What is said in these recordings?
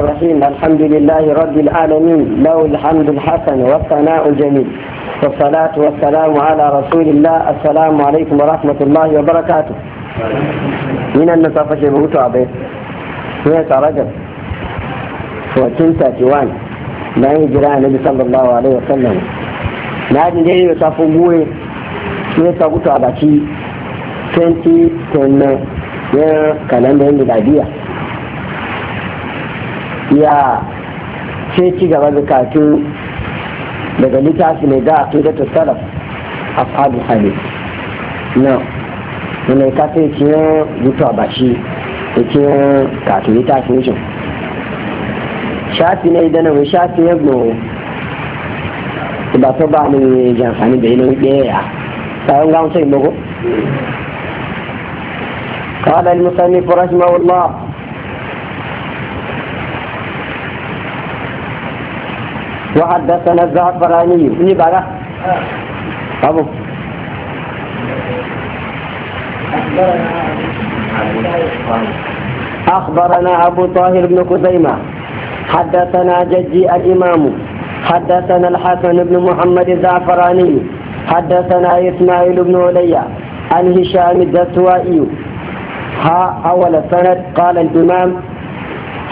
الرحيم الحمد لله رب العالمين له الحمد الحسن والثناء الجميل والصلاة والسلام على رسول الله السلام عليكم ورحمة الله وبركاته من النصف شبهوت عبيد هنا رجب وتنسى جوان لا يجرى النبي صلى الله عليه وسلم na yadda da ya tafi goye shi ya tafi a baki 2010 ya kalanda yin da biya ya ce ci gaba da katu daga littafi mai da a da tattara a fadu hali na wani kafa yake yin zutuwa ba shi yake yin katu littafi shi shafi na idan na shafi ya gbo ba to ba ni jamfani da ilimin ɗaya ya tsayon gamsa yi mago قال المصنف رحمه الله وحدثنا الزعفراني اللي إيه بعده أبو أخبرنا أبو طاهر بن خزيمة حدثنا جدي الإمام حدثنا الحسن بن محمد الزعفراني حدثنا إسماعيل بن علي عن هشام الدستوائي ها أول سند قال الإمام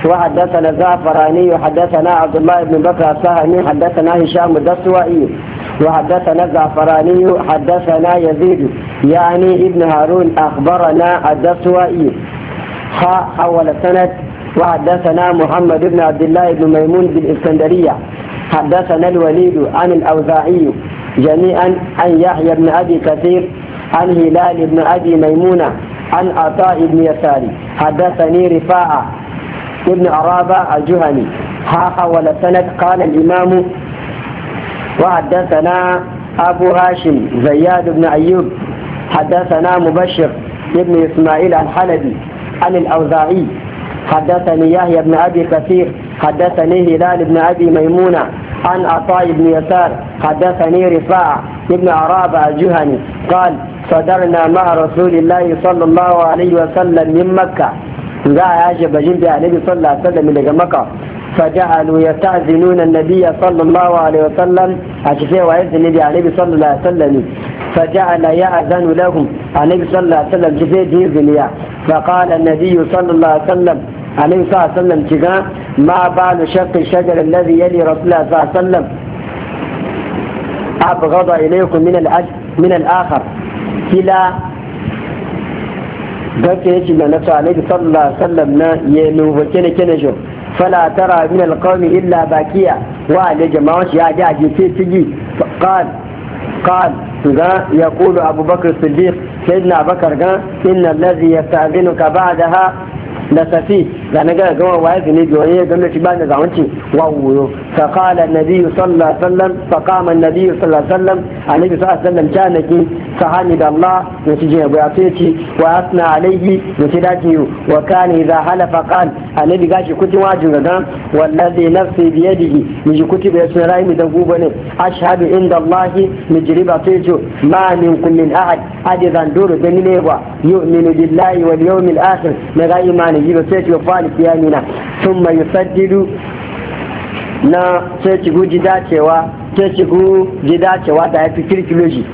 وحدثنا الزعفراني وحدثنا عبد الله بن بكر السهمي حدثنا هشام الدسوائي وحدثنا الزعفراني حدثنا يزيد يعني ابن هارون أخبرنا ها حول سنة وحدثنا محمد بن عبد الله بن ميمون بالإسكندرية حدثنا الوليد عن الأوزاعي جميعا عن يحيى بن أبي كثير عن هلال بن أبي ميمونة عن عطاء بن يساري حدثني رفاعة ابن عرابة الجهني ها حول سند قال الإمام وحدثنا أبو هاشم زياد بن أيوب حدثنا مبشر بن إسماعيل الحلبي عن الأوزاعي حدثني يحيى بن أبي كثير حدثني هلال بن أبي ميمونة عن عطاء بن يسار حدثني رفاعة بن عرابة الجهني قال صدرنا مع رسول الله صلى الله عليه وسلم من مكة za a yashe bajin da annabi sallallahu alaihi wasallam daga maka فجعلوا يستأذنون النبي صلى الله عليه وسلم أشفيه وإذن النبي عليه يعني صلى الله عليه وسلم فجعل يأذن لهم يعني النبي صلى الله عليه وسلم شفيه دير يعني. فقال النبي صلى الله عليه وسلم عليه الصلاة والسلام كذا ما بال شق الشجر الذي يلي رسول الله صلى الله عليه وسلم أبغض إليكم من الأجل من الآخر كلا gace ya shiga na alaihi sallallahu alaihi wasallam na ya nufa kene kene shi fala tara min alqawmi illa bakiya wa ala jama'a shi ya ji aje sai tigi qal qal ga yaqulu abubakar siddiq sayyidina bakar ga inna allazi yastazinuka ba'daha da safi da na gaya gama waye gane biyo ya eh, gama shi ba da zawanci wa wuyo fa qala nabi sallallahu alaihi wasallam fa qama nabi sallallahu alaihi wasallam annabi sallallahu alaihi wasallam kana ki sahani da Allah ya ci jiya ba sai ci wa asna alaihi ya ci dace wa kana idza halafa qal annabi gashi kuti wajin gaga wallazi nafsi bi yadihi ji kuti bai rai mu da guba ne ashhadu inda Allah mijriba sai ci ma min kullin ahad adi zan duru da ni ne ba yu'minu billahi wal yawmil akhir na ga imani da ba sai ki ba fali kiyamina sun mai saddidu na sai ki guji dacewa sai ki guji dacewa da ya fi kirkiloji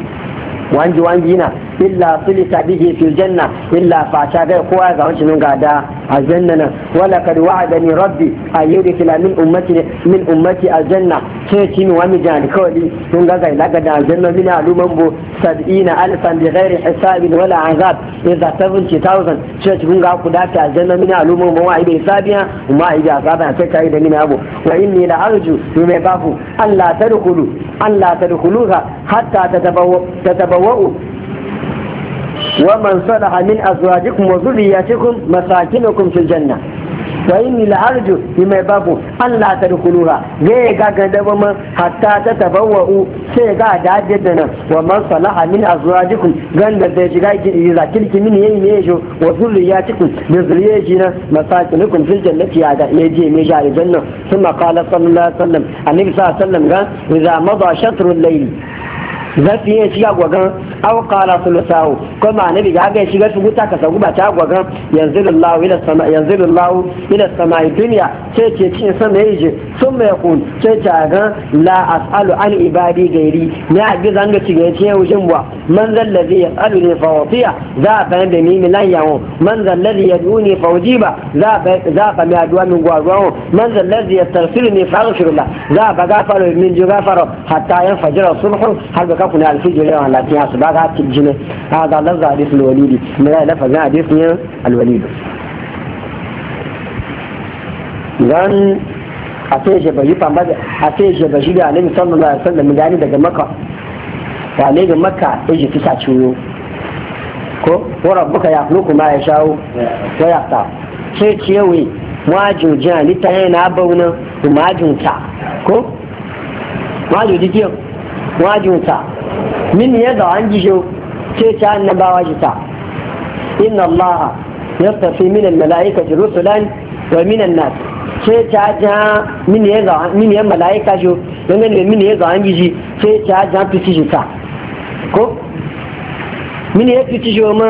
wangi wangi na illa sulita bihi fil janna illa fata ga kowa ga wancin ga a aljanna nan wala kad wa'adani rabbi ayyudkila min ummati min ummati janna sai ci mi wani jan kawali sun ga ga ga da aljanna min aluman bo sab'ina alfan bi ghairi hisabin wala azab idza 70000 sai ci kun ga ku da ta aljanna min aluman bo wai bai sabiya kuma ai da sabiya sai kai da min abu wa inni la arju mai babu Allah tadkhulu Allah tadkhuluha hatta tatabawwa tatabawwa ومن صلح من أزواجكم وذرياتكم مساكنكم في الجنة وإني لأرجو بما يبقوا أن لا تدخلوها غيغا قدبما حتى تتبوأوا سيغا داجدنا ومن صلح من أزواجكم غند بيجغا إذا كلك من يميجو وذرياتكم بذرياتنا مساكنكم في الجنة يجي ميجا الجنة ثم قال صلى الله عليه وسلم النبي صلى الله عليه وسلم إذا مضى شطر الليل zafi ya shiga gwagan aw qala ko ma nabi ga ga shiga su guta ka sagu ba ta gwagan Yanzu lillahi ila sama lillahi ila sama dunya sai ce cin sama yaje sun mai kun sai ta ga la as'alu al ibadi gairi ne a ga zanga ci ga ce wajin ba man zal ladhi yas'alu ni fawtiya za ba da ni milan yawo man zal ladhi yaduni fawjiba za ba za ka mi adwa min gwagwawo man zal ladhi yastaghfiruni faghfirullah za ba gafaro min ju gafaro hatta yanfajira sulhu har ga kaku ne alfijir yawan lafiya su ba ka jini a ga lafza hadisul walidi mai ya lafa ga hadisun alwalidu zan a sai shi bai famba a sai shi bai shi da annabi da alaihi da gani daga maka ya ne ga makka sai shi fita ciwo ko wa rabbuka yakhluqu ma yasha'u wa yaqta sai ciyewe wajin jani ta yana bauna majinta ko wajin dikiyo wajinta من يضع عندي جو تيتا النبا واجتا إن الله يصطفي من الملائكة رسلا ومن الناس تيتا من يضع من يضع ملائكة جو ومن من يضع عندي جي تيتا جا بسيجتا كو من يضع تيجو ما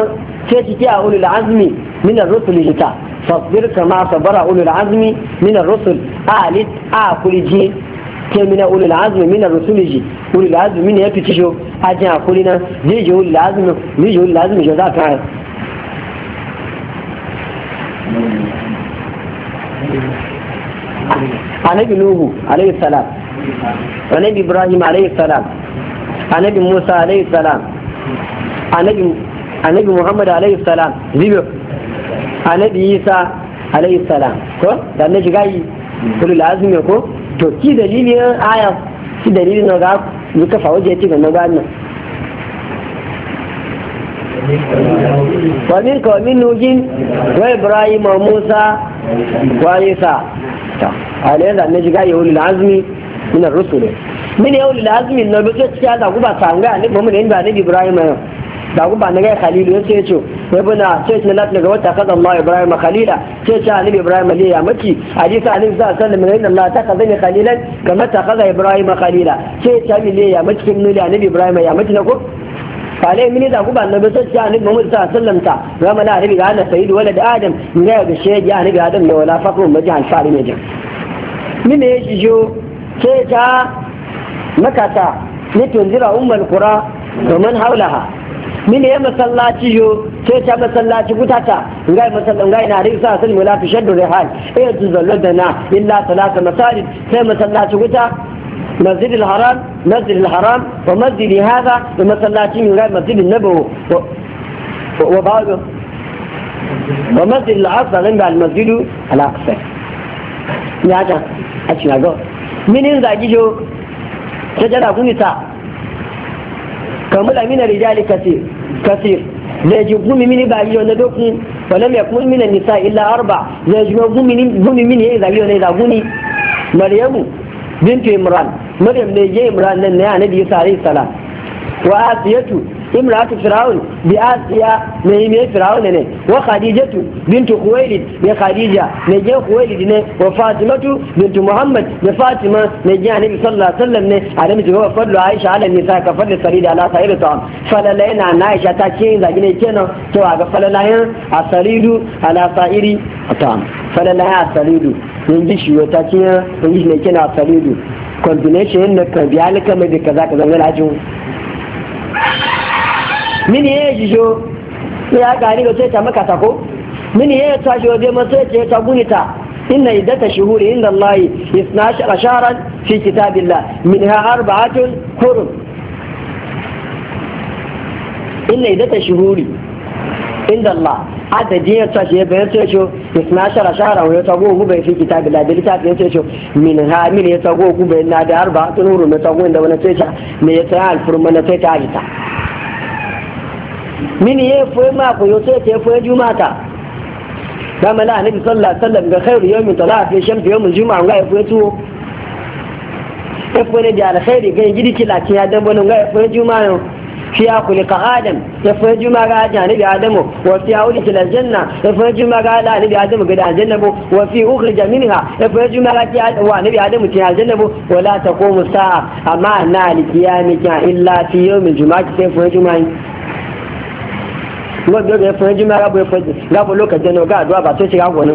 تيتا أولي العزم من الرسل جتا فاصبر كما صبر أولي العزم من الرسل أعلت أعقل جي كمنا أول العزم من الرسول يجي أول العزم من يأتي تشو أجا كلنا نيجي أول العزم نيجي أول العزم جزاء فعل عليه نوح عليه السلام عليه إبراهيم عليه السلام عليه موسى عليه السلام عليه عليه محمد عليه السلام زيبو عليه عيسى عليه السلام كو ده نجي كل العزم يكو to ki dalilin aya ki dalilin na ga ku kafa waje ti ga nan nan wa min kawmi nujin wa ibrahim musa wa isa ta alai da ne jiga yawul lazmi min ar-rusul min yawul lazmi na bi ce ya da ku ba tanga ne mu ne inda ne ibrahim da ku ba ne ga khalilu sai ya ce ibna sai ce lati ga wata kaza Allah Ibrahim khalila sai ce annabi Ibrahim ne ya maki hadisi annabi sallallahu alaihi wasallam inna Allah takaza ni khalilan kama takaza Ibrahim khalila sai ce annabi ne ya maki kin nuni annabi Ibrahim ya na ko falai mini da kuba annabi sai ce annabi Muhammad sallallahu alaihi wasallam ta rama na ga annabi sayyidu walad adam ne ga shege annabi adam da wala fakru an sari ne jin mini ya jijo sai ta makata ne tunzira ummul qura domin haulaha mini ya masallaci yo sai ta masallaci gutata ngai masallan ngai na risa sun mu fi shaddu rihal eh tu zallu da na illa salata masajid sai masallaci guta masjid al-haram masjid al-haram wa masjid hadha wa masallaci ngai masjid an-nabawi wa ba'du wa masjid al-aqsa inda al-masjid al-aqsa ya ta a ci ga mini zaki jo ta jara kunita kamula mina rijali kasir kasir zai ji gumi mini ba yiwa nisa illa arba zai ji gumi mini maryam ne ya nan na annabi isa imratu fir'aun bi asiya ne ne fir'aun ne wa khadijatu bintu khuwailid ne khadija ne je khuwailid ne wa fatimatu bintu muhammad ne fatima ne je annabi sallallahu alaihi wasallam ne annabi ji wa fadlu aisha ala nisa ka fadlu sarida ala sa'idu ta'am falala na aisha ta ce zagi ne kenan to ga falala yan asaridu ala sa'iri ta'am falala ya asaridu yin ji shi ta ce yin ji ne kenan asaridu combination na kan biya alkama da kaza kaza ne lajin mini ya yi jijo ya gani ga sai ta maka ta ko mini ye ta jijo dai masu ya ta gunita inna iddata shuhuri inda Allah isna shara sharan fi kitabillah min ha arba'atun kurum inna iddata shuhuri inda Allah adadin ya ta ya bayan sai sho isna shara shara wa ta go ku bai fi kitabillah bil tafi ya sai min ha min ya tago go bai na da arba'atun kurum ta go inda wani sai ta me ya ta alfurma na sai ta ajita mini ya fi mako yau sai ya fi jumata dama na annabi sallallahu alaihi wasallam ga khairu yawmi tala fi yawmi juma'a ga ya fi tuwo ya fi ne da alkhairi ga gidi kila ki ya dan bano ga ya fi juma'a fi ya ka adam ya e fi juma'a ga ajin annabi adamu wa fi auli kila janna ya e fi juma'a ga ala annabi adamu ga janna bo wa fi ukhrija minha ya e fi juma'a ga wa annabi adamu ki janna bo wa la taqumu sa'a amma na alkiyami ka illa fi yawmi juma'a ki fi juma'a wọ́n gbé ẹ̀fọ́ ẹjú máa rábọ̀ ẹ̀fọ́ rábọ̀ lókàjẹ́ ní ọgá àdúrà bàtọ́ ṣe rábọ̀ ní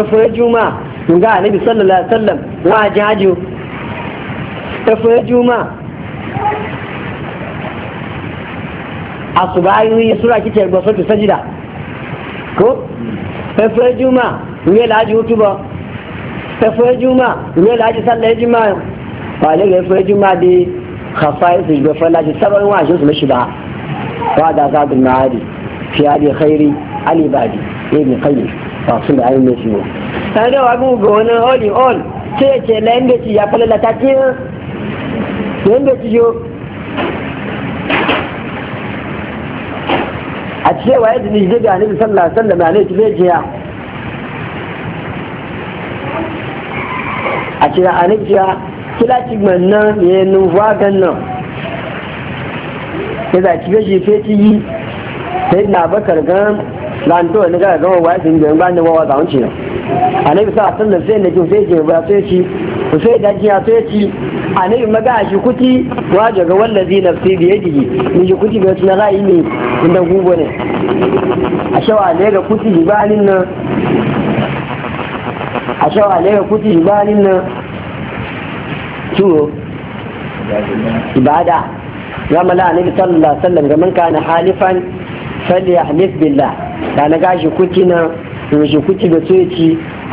ẹ̀fọ́ ẹjú máa ǹgá àníbi sọ́lọ̀lá sọ́lọ̀m wọ́n á jẹ́ ájú ẹ̀fọ́ ẹjú máa àsùbá ayúyí súra kíkẹ́ ẹgbọ́ sọ́tù sẹ́jìdà kó ẹ̀fọ́ ẹjú máa ǹgẹ́ láàájú túbọ̀ ẹ̀fọ́ ẹjú máa ǹgẹ́ láàájú sálẹ̀ ẹjú máa wà lẹ́gẹ̀ẹ́ ẹ̀fọ́ ẹjú máa di kàfáìsì ìgbẹ̀fọ́ láti sábà wọn àjọsùn méṣù bá wada zadun na hari fi hari khairi alibadi ya yi kayi ba da ainihin shi ba da wa ga wani all in all sai ya ce la ci ya fala la tatiya ci yo a cewa ya zini zai ga nabi sallallahu alaihi wasallam ya ne ci zai jiya a cewa a jiya kila ci gbannan ya yi numfa gannan sai za ki gaji fe ci yi sai na bakar gan lanto ne ga gama wa sun ga ban da wawa zaun ne annabi sa sallan sai ne ki sai ke ba sai ci sai da ji ya sai ci annabi maga shi kuti wa ga ga wallazi nafsi bi yadihi ni ji kuti bai na ra'ayi ne inda gugu ne a shawa ne ga kuti jibalin nan a shawa ne ga kuti jibalin nan ciwo ibada gama la annabi sallallahu alaihi wasallam ga man kana halifan falyahlif billah da na gashi kuki na shi kuki da tsoci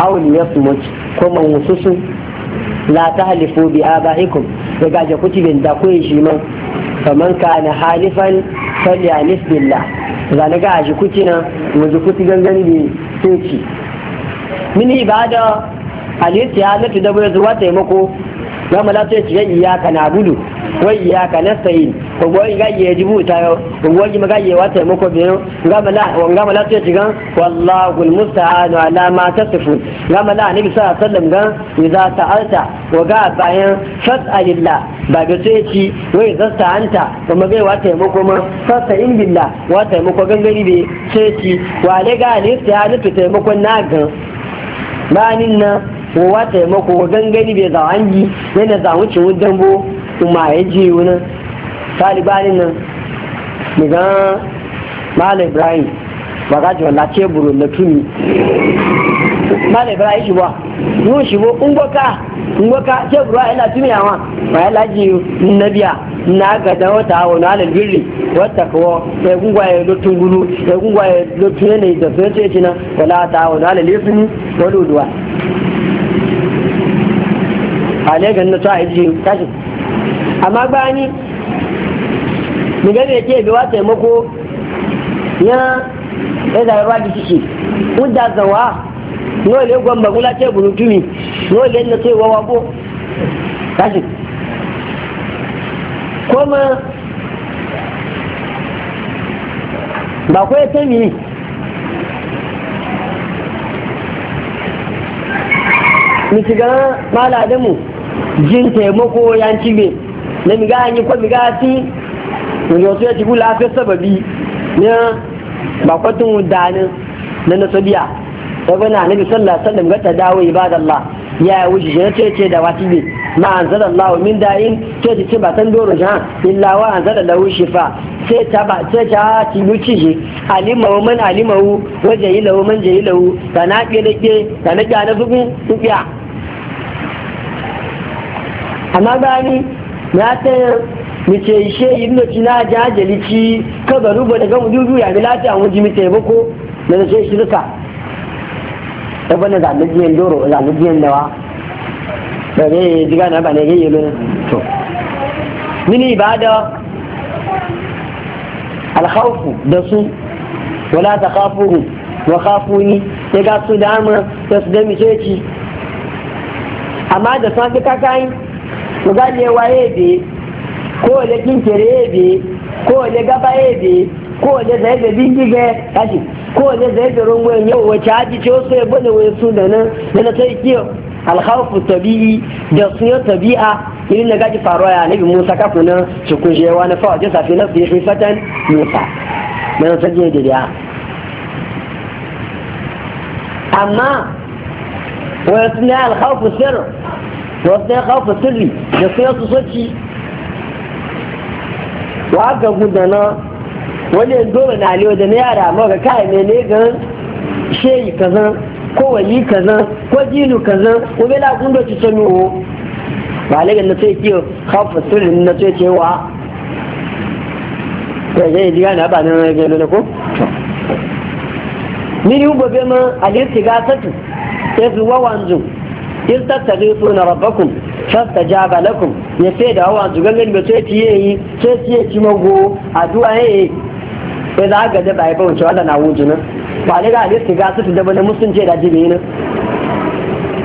aw liyasmut ko man mususu la tahlifu bi abaikum da gashi kuki bin da koyi shi man faman kana halifan falyahlif billah da na gashi kuki na mu kuki gangan bi tsoci min ibada al-istihanatu da bai zuwa taimako gama la tsoci ya iyaka na gudu wa iyaka nasta'in kogo ga gaje ya jibu ta yau kogo in gaje wa taimako biyu gama la wanga mala ce shigan wallahu almusta'anu ala ma tasifu gama la bi sallallahu alaihi wasallam idza ta'alta wa ga bayan fasalilla ba ga ce ci wai zasta anta kuma gai wa taimako ma fasa in billah wa taimako gangari be ce ci wa le ga ni ta ya nufi taimako na gan nan na wa mako gangari be zawangi yana zawuce wudan bo kuma ya ji wani talibanin nan migan malam ibrahim ba wala jiwa na teburu na tuni malam ibrahim shi ba yun shi bo ngwaka ngwaka teburu a yana tuni yawa ma yi laji na biya na ga da wata hawa na alal birni wata kawo ya gungwaye lotun gudu ya gungwaye ya lotun yanayi da sun ce ci na wala ta hawa na alal yasini wani uduwa a legan na ta ajiye tashi amma bani mu ga me bi wa taimako ya ya da ba di shi udda zawa no le gwamba kula ce burutumi no le na ce wawa bo kashi kuma ba kwai ta mi mi shiga maladinmu jin taimako yanci me na mi ga kwa ko mi fi yanzu wasu ya jibu lafiyar sababi na bakwatin wudanin na nasabiya saboda na nabi sallallahu alaihi wasallam ga ta dawo ibadallah ya yi wuce shi na ce da wati ne ma an zara Allah min da'in ce ce ba san doro jan illa wa an zara lahu shifa sai ta ba sai ta ci luci shi alimahu man alimahu yi jahilahu man jahilahu na ke da ke kana ke na zugun tukiya amma gani na ta yi yi ishe ibnu tina jajali ci ka garu ba daga wujuju ya bi lafiya mu ji mita bako na da sai shirka ta bana da mijiyan doro da mijiyan dawa da ne diga na ba ne yayi lo to mini ibada al-khawf da su wala takhafuhu wa khafuni ya ga su dama da su da mice ci amma da safi kakain ku gane waye da ko le kinkere ebe bi? le gaba ebe bi? le zai da bindige kashi ko le zai da rungu ya yau wace haji ce wasu ya bane wani su da nan da na sai kiyo alhaufu tabi'i da ya tabi'a irin na gaji faruwa ya nabi musa kafin nan su kunje wani fawa jin safi na su yi fatan musa mai wasan jiya da daya amma wani suna alhaufu sirri wasu ne alhaufu sirri da suyo su soci wa aka guda na wani dole na aliyu da na yara ma ga kai ne ne ga sheyi kazan ko wali kazan ko jilu kazan ko bai bela gundo ci sanu o ba le na sai kiyo khafu sirrin na sai cewa ko je diga na ba na ga ne ko ni ubo be ma aliyu ti tiga satu sai zuwa wanzu in tattaghithuna rabbakum fastajaba lakum ya sai da hawa zugan ne ba sai tiye yi sai tiye ci mago addu'a yayi sai za ga da bai bawo cewa na wujuna ba ne ga alisti ga su da bane musun ce da jibi ne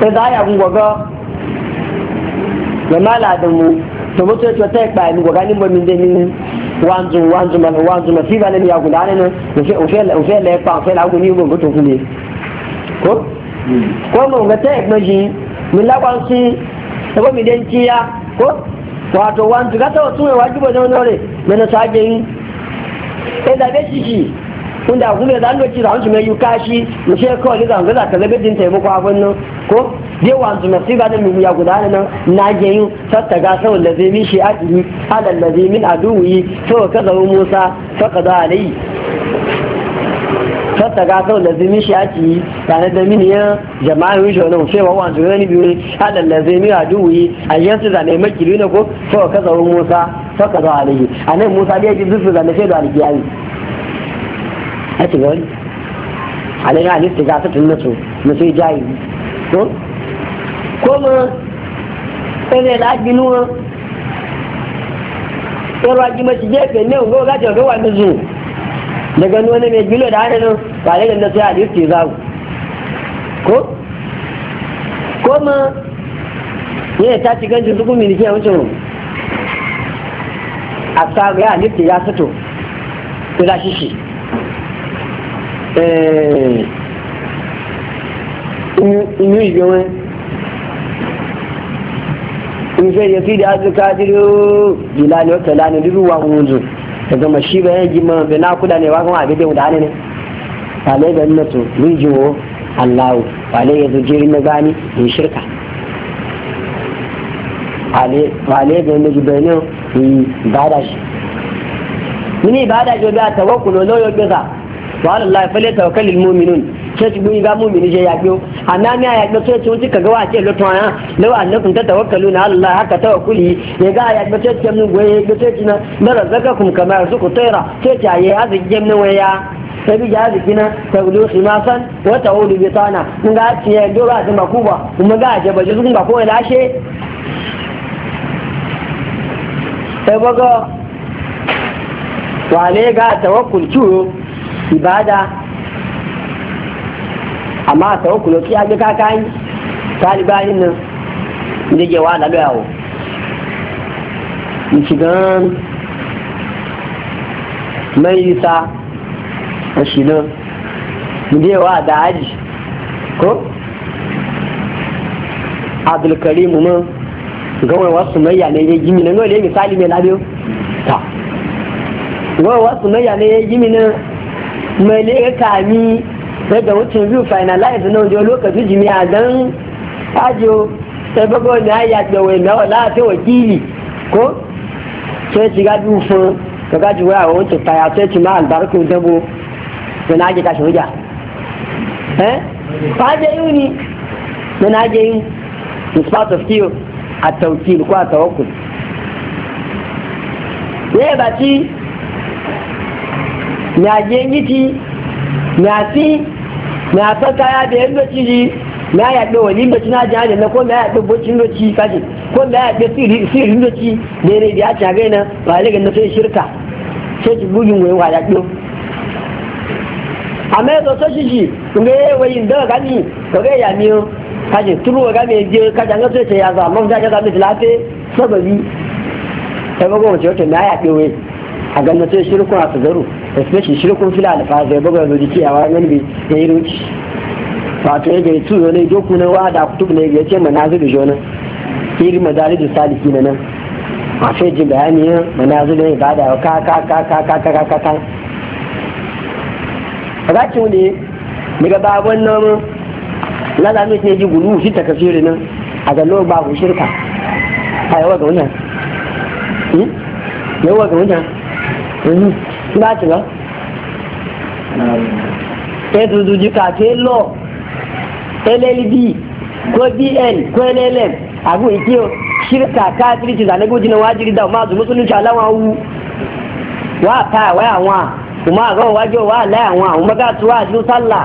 sai za ya ga ya mala da mu to mutu ya ta ba ni goga ni ba da ni wanzu wanzu ma wanzu ma fi ba ne ya gudana ne ufe ufe ufe la pa ufe la guni gungo to kule ko ko mun ga ta maji min lakwanci sabo mi den ciya ko wato wanzu gata wasu mai wajibo e da nore wale mai na sage yi da zaɓe shi shi da kuma da an ci da hanci mai yuka shi mu ce kawai ne zanga zaka zabe din taimako abun nan ko dai wanzu na siga da mu ya gudanar nan na ge yin ga sau da zai mi shi adili alal ladhi min aduwi sau kaza Musa fa qada alai ta ga sau zimin shi aki tare da miniyan jama'a yi shawar mu fewa wa zuwa ni biyu hada lazimi a yi, a yansu zane makiri na ko fa ka zawo musa fa ka zawo alihi a nan musa biya ji zufu zane shaidu da alkiyami a ci gani alayhi alif nista ga tun nasu na sai jayi ko kuma ɗan ne da ake nuna ɗan ragi ji gefe ne ko gajin ko wani zuwa daga nuna mai bilo da hannun tare da sai hadisi ke zaru ko ma ne ta ci ganci duk mini ke wucin a tsaro ya hadisi ya fito ko za shi shi inú ìgbé wọn ìfẹ́ yẹ fi da azuka diro jula ni o tẹ̀lá ni wa wọn jù daga mashi bayan jimma bai na kuda ne wa abin da wudane ne fale da nato rijiwo allahu fale ya zujiri na gani in shirka fale da na jibanin in bada shi mini bada shi biya tawakkulu lo yo gaza wa alallahi fale tawakkalil mu'minun church mun mu mini je ya a amma ni ya ga church kaga wa ce lutun ya law ta tatawakkalu na Allah haka kuli ya ga ya ga church mun goye ga church na barazakakum kama ku waya tabi ga ya kuma ga je sun ba ko lashe sai baga wale ga tawakkul ibada amma a sauran kuloki ya ga kakayi talibanin nan da ke yawo michigan mai yisa a shidan da ko wasu mai yane ya na nole misali mai labiyo ta wasu mai yane ya mai ne kami sai da wucin biyu finalize na wajen lokaci jimi a gan ajiyo sai bago wani ya yaƙi wai na wala ta wakili ko sai shiga biyu fun ka gaji waya wa wucin faya sai ci ma albarkun dabo da na ake tashi hujja eh ba da yi ni da na ake yi in spot of kiyo a taukil ko a tawakkul ne ba ci ya je yi na fi na san kaya da yadda ciji na yaɗe wani baci na jihar da na ko na yaɗe bocin doci kaji ko na yaɗe sirrin doci da yanayi da ya ci hagai na ba ne na sai shirka sai ki bugin wani wa yaɗe amma yanzu so shi shi kuma ya wani daga gani ka ga ya miyo kaji turu wa gami je kaji ya zama mafita ya zama lafiya sababi ta bago mace wata na wani a gannace shirkun a tsagaru especially shirkun fila alfa zai buga da jiki a wani ne ya yi ruci wato ya gari tuyo ne doku na wada kutub ne ya ce manazir da jona iri madari da saliki na nan a fai ji bayani ya manazir da ibada ka ka ka ka ka ka daga babon lalami shi nan a babu shirka a yawa ga wannan hmm? yawa ga wannan láti mhm. lọ ẹ̀tùtù ju kàfé lọ llb ko dn ko llm àbú ìkí o ṣírkà káàkiri ti zànẹ́gbó jiná wá jírí dáwọn máa zùmú sólúṣà láwọn wú wá pa àwẹ́ àwọn àmọ́ àgọ́ wájú wá láì àwọn àwọn mọ́gá tó wá àdúró sálà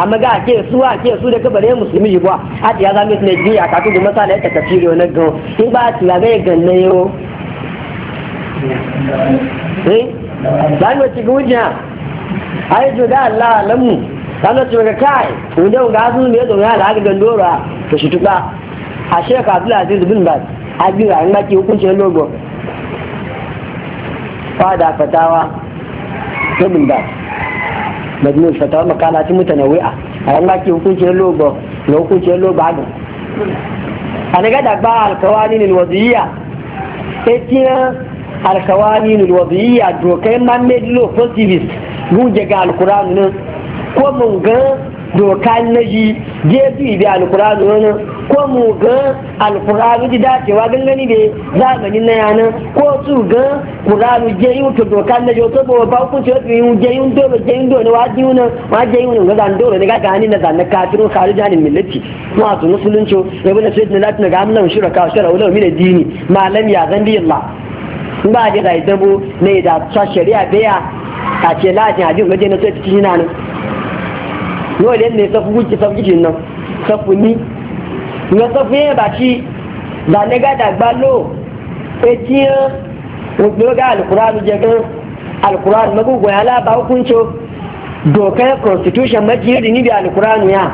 àmọ́gá àti èso àti èso lè kébẹ̀rẹ̀ mùsùlùmí yìí bọ́ àti ti lè gbé àkàtúndì mọ́sálẹ̀ tẹ̀tẹ̀ fi rí gan nígbà tí àbẹ́ ìgànnẹ́ yìí eh zai wace gujiya ai jo da Allah alamu kana ce ga kai wanda ga ne don ya da gandora ta shi tuka a sheka Abdul Aziz bin Baz a bira an baki hukuncin logo fada fatawa ta bin Baz majnun fatawa makala ta mutanawi'a an baki hukuncin logo na hukuncin logo a ga da ba alkawani ne waziyya sai alkawani nulwadiyya dokai man made law mun je ga alkur'ani nan ko mun ga doka na ji bi da alkur'ani nan ko mu ga alkur'ani ji dacewa gangani ga zamanin na yana ko su ga kur'ani je yi to doka na ji to ba ba ku ce yi je yi do je yi do ne wa ji nan wa je yi nan ga dan dole ne ga gani na zanna kafiru kharijan millati ma to musulunci ibn sayyid na latin ga amnan shuraka shara ulama min dini malam ya zambi Allah in ba da zai dabo yi da ta shari'a biya a ce lajin hajji gaje na sai cikin nan yau da ne safu guki safu cikin nan safu ni na safu yin ba ci da ne ga da gbalo e tiyan rubuwa ga alkuranu jagan alkuranu magugu ya laba hukuncin dokar constitution majiyar da ni da alkuranu ya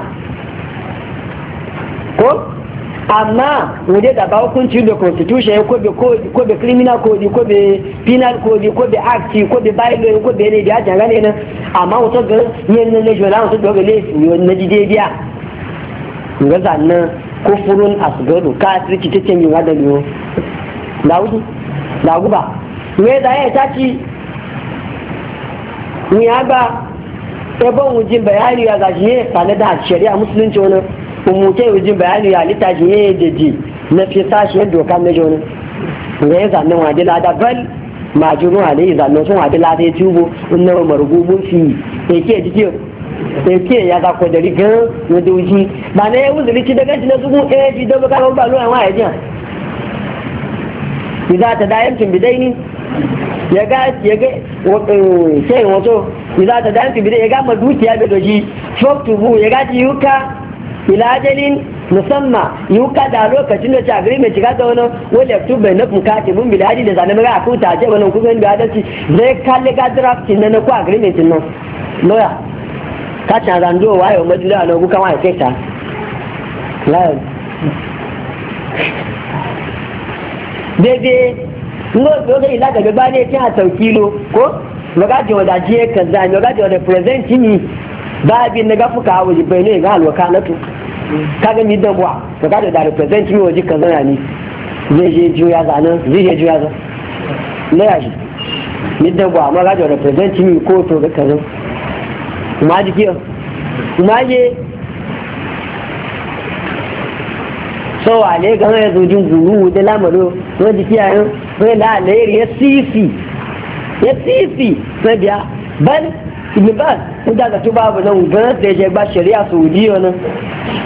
ko amma waje da ba hukunci da constitution ko be ko be criminal code ko be penal code ko be act ko be bylaw ko be ne da jan gane nan amma wato ga yin nan ne jona wato ga le yo na dide biya ga zanna kufurun asgaru ka tsirki take yin hada ne dawudi daguba me da ya taci ni aba ebe wujin bayani ya gashi ne tare da shari'a musulunci wani umuce yujin bayani ya lita shi ne da ji na fi sashi yadda doka na joni ga ya zannan lada bal majinu sun lada ya tubo ya ko dari gan daga zugu eh, ji da baka ba lo anwa ta da yankin ya ga ya ga eh, sai wato ta bidai ya ga doji shop to bu ya ga yuka ilajalin musamma yi ka da lokacin da ci agri mai shiga da wani wani yaktu bai na kuka ce mun biladi da zane a akwai a ce wani kuka da adalci zai kalli ga draftin na na ku agreement nan lawyer ka ci zanzo wa yau majalisa a lagu kama ya kai ta lion daidai ngo to ga ila daga bane ta tauki lo ko magaji wadaje kaza magaji wadaje present ni babin na gafuka a waje jibai ne ga halwaka na to kaga mi dabuwa to kada da represent mi waje kaza na ni zai je juya za nan zai je juya za na yaji mi dabuwa amma ga da represent mi ko to ga kaza kuma ji kiyo kuma je so wale ga ya zo jin guru da lamaro to ji kiyayen sai la alayri ya sisi ya sisi sai biya bal ìgbìmọ̀ nígbàtà tó bá bọ̀ náà gbọ́n tẹ̀ jẹ́ gba ṣẹ̀rí àsòwòdì ọ̀nà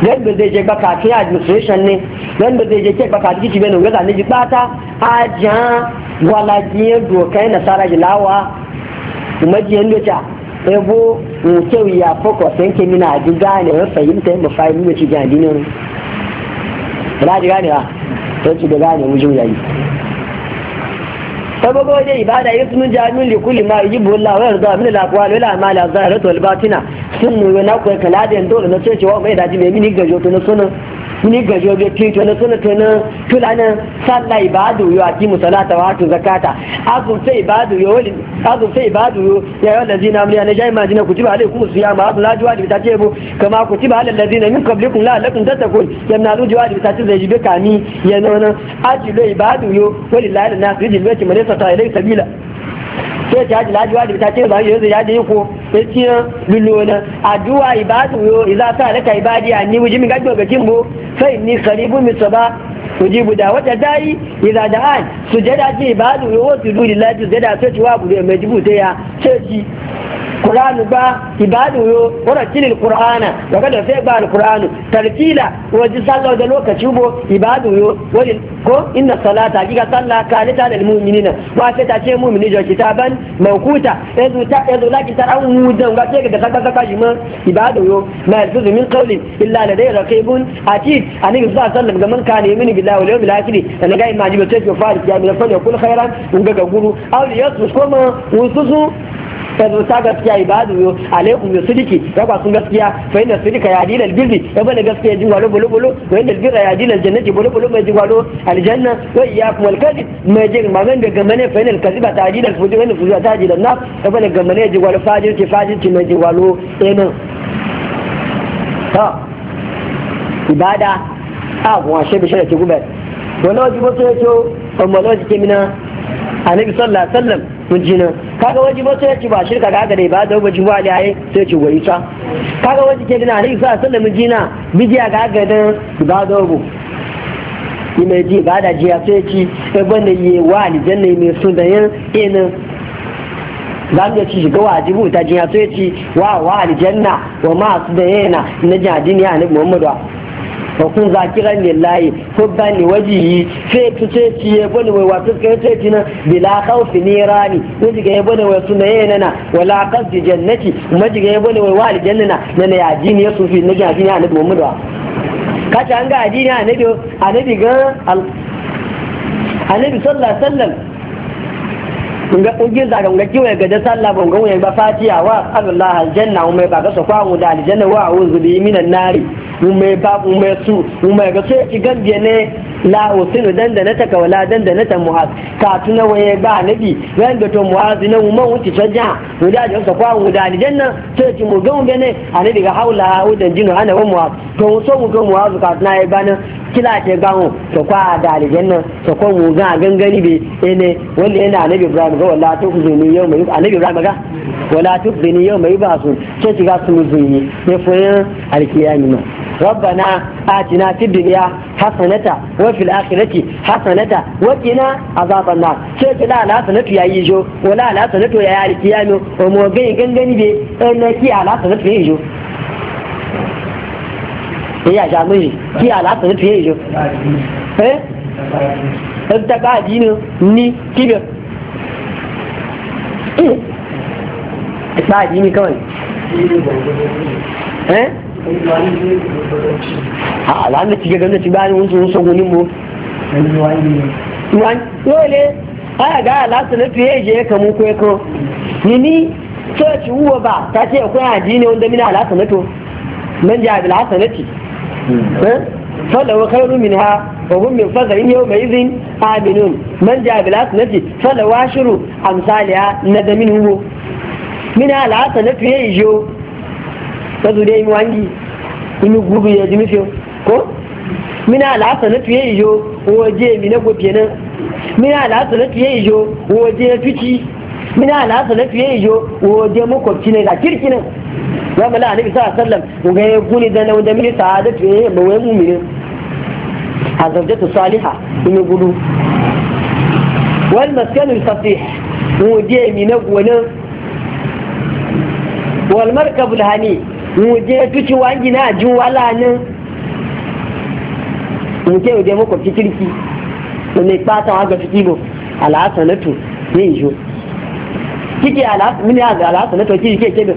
gbẹ́gbẹ́ tẹ̀ jẹ́ gba kàkí administration ni gbẹ́gbẹ́ tẹ̀ jẹ́ gba kàkí ti bẹ́ẹ̀ gbẹ́gbẹ́ méjì pátá ajá wàlájìyàn dùọ̀kẹ́ nasara yìí láwa ìmọ̀jìyàn lóta ebo nkewu ya fọkọ sẹ́ńkè mi náà àdí gáàni ẹ̀rọ fẹ̀yìn tẹ̀ mọ̀ fáyé nígbà sababu da ibada ismun jami'un li kulli ma yi bulla wa yarda min al-aqwal wal a'mal az-zahiratu wal batina sun mu yana ko kala da dole na cewa mai daji mai mini gajo to na sunan ni gajo be ti to na suna to na to la salla ibadu yo aki musalata wa atu zakata azu sai ibadu yo wali azu sai ibadu yo ya yo lazina amliya na jai majina kutiba alaikum siyama azu la juwadi ta ce bu kama ku kutiba alal lazina min qablikum la lakum tatakun yamna zu juwadi ta ce zai jibe kami ya nona aji ibadu yo wali la na fi dilwati manesa ta ilai sabila sai ta ji lajuwa da ta ce ba yau ya ji ko sai ci lulu na aduwa ibadu yo idza ta laka ibadi anni wuji min gaddo gajin bo sai ni qaribu min saba ujibu da wata dai idza da'an sujada ji ibadu yo su lillahi sujada sai ci wa bu mai jibu sai ya sai ci qur'anu ba ibadu yo wara tilil qur'ana da sai ba alqur'anu da lokaci bo ibadu inna salata kika sallah kalita lil mu'minina wa ce mu'mini jo kitaban mawquta yanzu ta yanzu laki ta an wudan da kaka kaka illa ladai raqibun atid annabi sallallahu alaihi wasallam ga man kana yamini da ga imaji ba ta ce fa ya min fa ya ga guru aw yasku yanzu ta gaskiya ibadu yo alaikum bi sidiki raba sun gaskiya fa inna sidika ya dilal birri ya bada gaskiya ji gwalo bulu bulu wa inna birra ya dilal jannati bulu bulu mai ji gwalo aljanna wa iyyakum al kadhib mai ji magan da gamane fa inna kadhiba ta dilal fudu inna fujur ta dilal na ya bada gamane ji gwalo fajirci fajirci mai ji gwalo ɗaya ta ibada a kuma shebe shebe ke gubar wani wajibotu ya ce ọmọlọ́jì kemina annabi sallallahu alaihi wasallam mun ji nan kaga waje ba sai ci ba shirka ga gare ba da waje ba da yayi sai ci goyi ta kaga waje ke gina annabi sallallahu alaihi wasallam mun ji na bijiya ga gare ba da waje ni mai ji ba da jiya sai ci sai bane yi wa aljanna mai sun da yin ina za mu ci shiga wajibu ta jiya sai ci wa wa aljanna wa ma su da yana na jadi ne annabi muhammadu fakun zakiran lillahi hubban bani wajihi sai ki ce ci ye bani wai wato kai ce ci na bila khawfi nirani diga ga bani wai sunna ye nana wala qad jannati diga ga bani wai wal jannana nana ya jini ya sufi na ga jini da ka ta an ga addini annabi annabi ga annabi sallallahu alaihi wasallam nga ugin ga ngaki kiwe ga da sallah bon ga wuyan ba fatiya wa Allah aljanna umma ba ga sokwa mu da aljanna wa uzu bi minan nari ume ba ume su ume ga sai ki ganje ne la usinu dandana ta ka wala dandana ta muhaz ka tuna waye ba nabi ran da to muhaz ne umma mun ta ja to da ka kwa mu da ni janna sai ki mu ga ne anabi ga haula udan jinu ana wa muhaz to so mu ga muhaz ka tuna ya bana kila ke gawo to kwa da nan to ko mu ga gangani be ene wanda yana annabi Ibrahim ga wala to ku zuni yau mai annabi Ibrahim ga wala to zuni yau mai ba su ce ga su zuni ne foyan alkiyami ma ربنا آتنا في الدنيا حسنة وفي الآخرة حسنة وقنا عذاب النار شيخ لا لا سنتو يا ولا لا سنتو يا الكيامو ومو be غني بي انكي على سنتو يجو èyí àṣà méjì kí àlàáfẹ́ fi èyí ẹ́ ẹ́ tẹ́gbà àdínú ní kíbẹ̀ tẹ́gbà àdínú kọ́ ẹ́ àlàáfẹ́ ti gẹ́gẹ́ ti bá ní oúnjẹ oúnjẹ ní mo lóòlé àyàgá àlàáfẹ́ fi èyí kàn mú kó ẹ̀kọ́ ní ní church wúwo bá tàbí ẹ̀kọ́ àdínú oúnjẹ mi náà àlàáfẹ́ mẹ́tò mẹ́jẹ̀ àbìlà فلو خير منها وهم من فزع يومئذ آمنون من جاء بالحسنة فلو عشر أمثالها ندمنه منها الحسنة فيه جو فزولي موانجي inu gudu ya ji nufin ko mina alasa na fiye iyo waje mi na gobe nan mina alasa na fiye iyo waje fici mina alasa na fiye iyo waje makwabci ne ga kirki nan wa mala annabi sallallahu alaihi wasallam ga ya guni da nan da mini sa'adatu eh ba wai mu'mini azawjatu Saliha in gudu wal maskanu al-fasih mu je mi na gonin wal markab al-hani mu je tuci wangi na jin wala nan mu je je muku kirki ne fata wa ga tukibo al-hasanatu ne jo kike al-hasanatu kike kike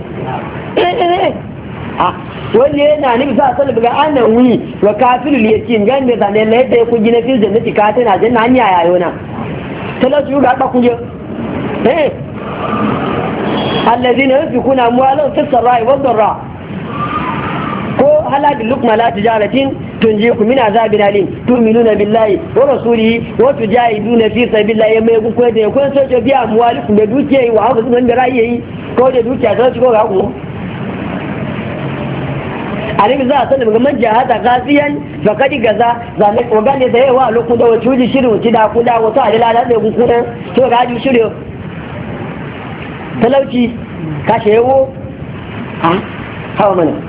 Eh, eh, eh. ah, wanda yana bisa a sallu ga anan wuni wa kafin liya ce ngan da zane na yadda ku gina fil jannati na tana janna hanya yayo na talatu ga ba ku je eh kuna yunfikuna amwalahum fi rai wadda ra ko halal lukma lati jaratin. tunjiku min azabin alim tu'minuna billahi wa rasulihi wa tujahiduna fi sabilillahi yamma yakun da yakun sojo biya amwalikum da dukiyayi wa haka sun da rayiyi ko da dukiya ta shigo ga ku alim za a sanin ga man jahada gaziyan fa kadi gaza za ne ko gane da yawa lokun da wuce ji shirin ci da kula wato adala da ne ku to ga ji shirin talauci ka shewo ha hawa mana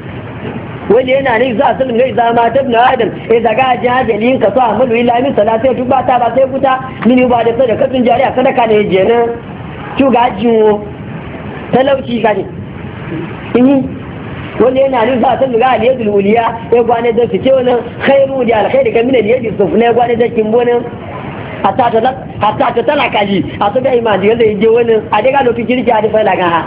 wani yana ne eh, za a sulun gai zama ta ibn adam ya zaga ji hajjali yin kaso a malu min salatu tu tuba ta ba sai kuta mini ba da sadaka tun jariya sadaka ne je nan tu ga jiwo talauci ka ne wani yana ne za a sulun ga aliyadul uliya ya gwane da su ce wani khairu da alkhairi ka min aliyadul sufna ya gwane da kimbonin hatta ta talaka ji a su ga imani yadda ya je wani a daga lokacin kirki a dafa lagan ha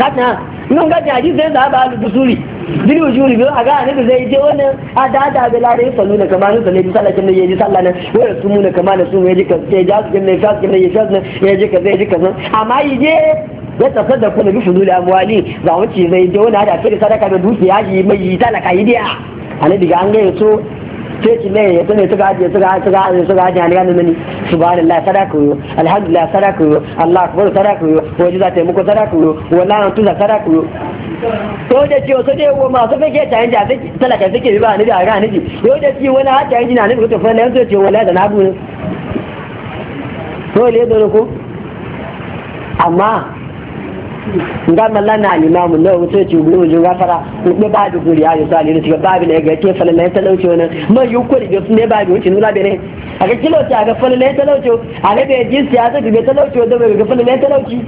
kana nan ga jaji zai za ba alu busuri dili wujuri biyo a ga anabi zai je wani a da da ga da sallu na kamar su ne sallah kin yaji sallah nan wai su mu na kamar su yaji ka sai ja kin ne sa kin ne ya sa ka zai ji ka san amma yaje ya da na bi fudul amwali za wuce zai je wani da fi sadaka da dukiya yi mai talaka idiya anabi ga an ga yaso sai ki ne ya tane tuka aje tuka aje tuka aje tuka aje ne ganin ni subhanallah sadaka yo alhamdulillah sadaka yo allah akbar sadaka yo ko ji za ta yi muku sadaka yo wala an tuza sadaka yo ko da ci wasu da wa masu fake ta yanja a talaka suke ba ni da ga ji ko da ci wani haka yanji na nufi tafiya na yanzu ce wala da nabu ne to le da ko amma nga malla na alimamu na wato ci gudu ji gafara ko be ba da guri ayo sali ne ci ba bi ne ga ke fala ne talauci wannan ma yu ko da ne ba bi wucin nula ne a ga kilo ta ga fala ne talauci a ne be ji siyasa bi be talauci da be ga fala ne talauci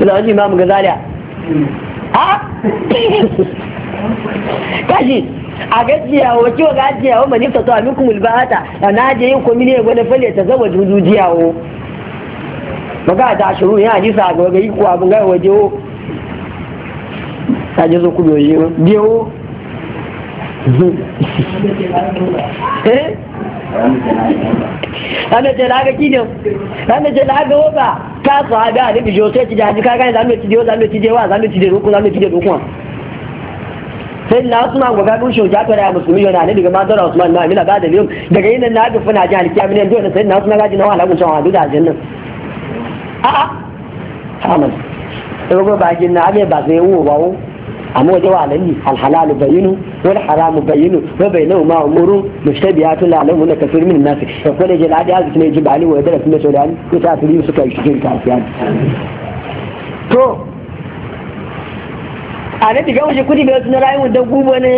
ina ji imamu gazaliya a kashi a gajiya wa kiwa gajiya wa manifta to amikumul ba'ata na je yin komine gwada fale ta zawa jiyawo. maka ta shiru ya ji sa ga yi kuwa abin gaya waje o ta ji ku biyo biyo eh ce laga kidin ce laga ta su haɗe a da haji kaga za a ci da za ci za ci da ci sai na aka raya musulmi yana ne daga mazara usman na amina ba da liyum daga yin na ga funa ji halkiya miliyan dole sai na suna gaji na wahala kun shan da a'a tamam ɗaukar bakin na abin ba zai wuwa ba amma waje wa alalli alhalalu bayinu wal haramu bayinu wa bainahu ma umurun mushtabihatu la alamu na kasir min nasi to ko da jiladi azu ne jibali wa yadara sunna shari'an ko ta asiri suka yi cikin kafiyan to a ne diga waje kudi bai suna rayuwar da gubo ne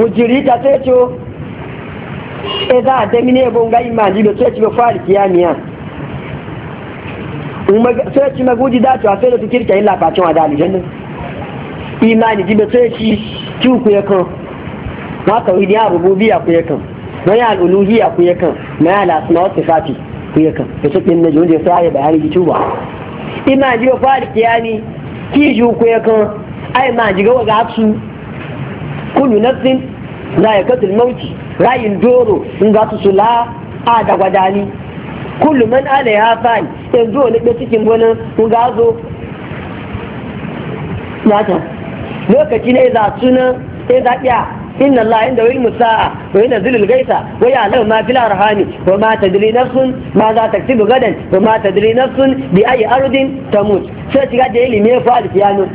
wujiri ta sai ce e za a damine bonga imani da sai ce ba fari kiyamiya sai ci maguji a sai da su kirka lafacin wada alijannin imani jibe sai ci ci ku ya kan na wuri ya rububiya ku ya kan na ya al'uluhiya ku ya kan na ya lasuna wata fati ku ya kan da cikin na jiwon da ya sa bayani ji tuba ina ji ba fari kiyani ki ji ku ya kan ai ma ji gawa ga su kullu nafsin la yakatul mauti rayin doro in za su sula a da gwadani kullu man ya fan yanzu wani ɗaya cikin gonan kun ga zo nata lokaci ne za suna sai za ɗiya inna Allah inda wani musa'a wa na zilul gaisa wa ya alau ma fil arhami wa ma tadri nafsun ma za ta tsibu gadan wa ma tadri nafsun bi ayi ardin tamut sai shiga da ilimi ya fa'al kiyano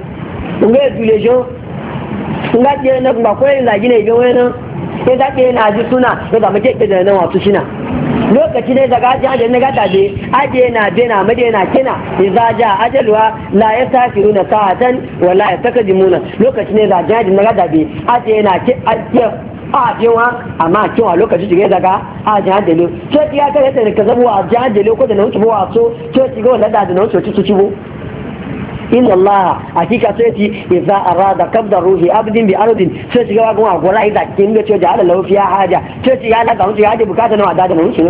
kun ga dule jo kun ga ɗiya na ba ko yana zagi ne ga wani sai za ɗiya na ji suna ya zama ke da nan wasu shina lokaci ne daga ajiye ajiye na gada ajiye na bena madena kina idza ja ajalwa la yasafiruna sa'atan wa la jimuna lokaci ne daga ajiye na gada be ajiye na ki ajiye a jewa amma lokaci jige daga a jihar dele ya kare ta ne ka zabuwa a jihar ko da na wuce ba so ce ci ga wanda da na wuce ci ci inna Allah hakika sai ti idza arada qabda ruhi abdin bi ardin sai ci gaba kuma gora idza kin da cewa Allah lafi ya haja sai ci ya la kaunci ya haje bukata na wadada mun shi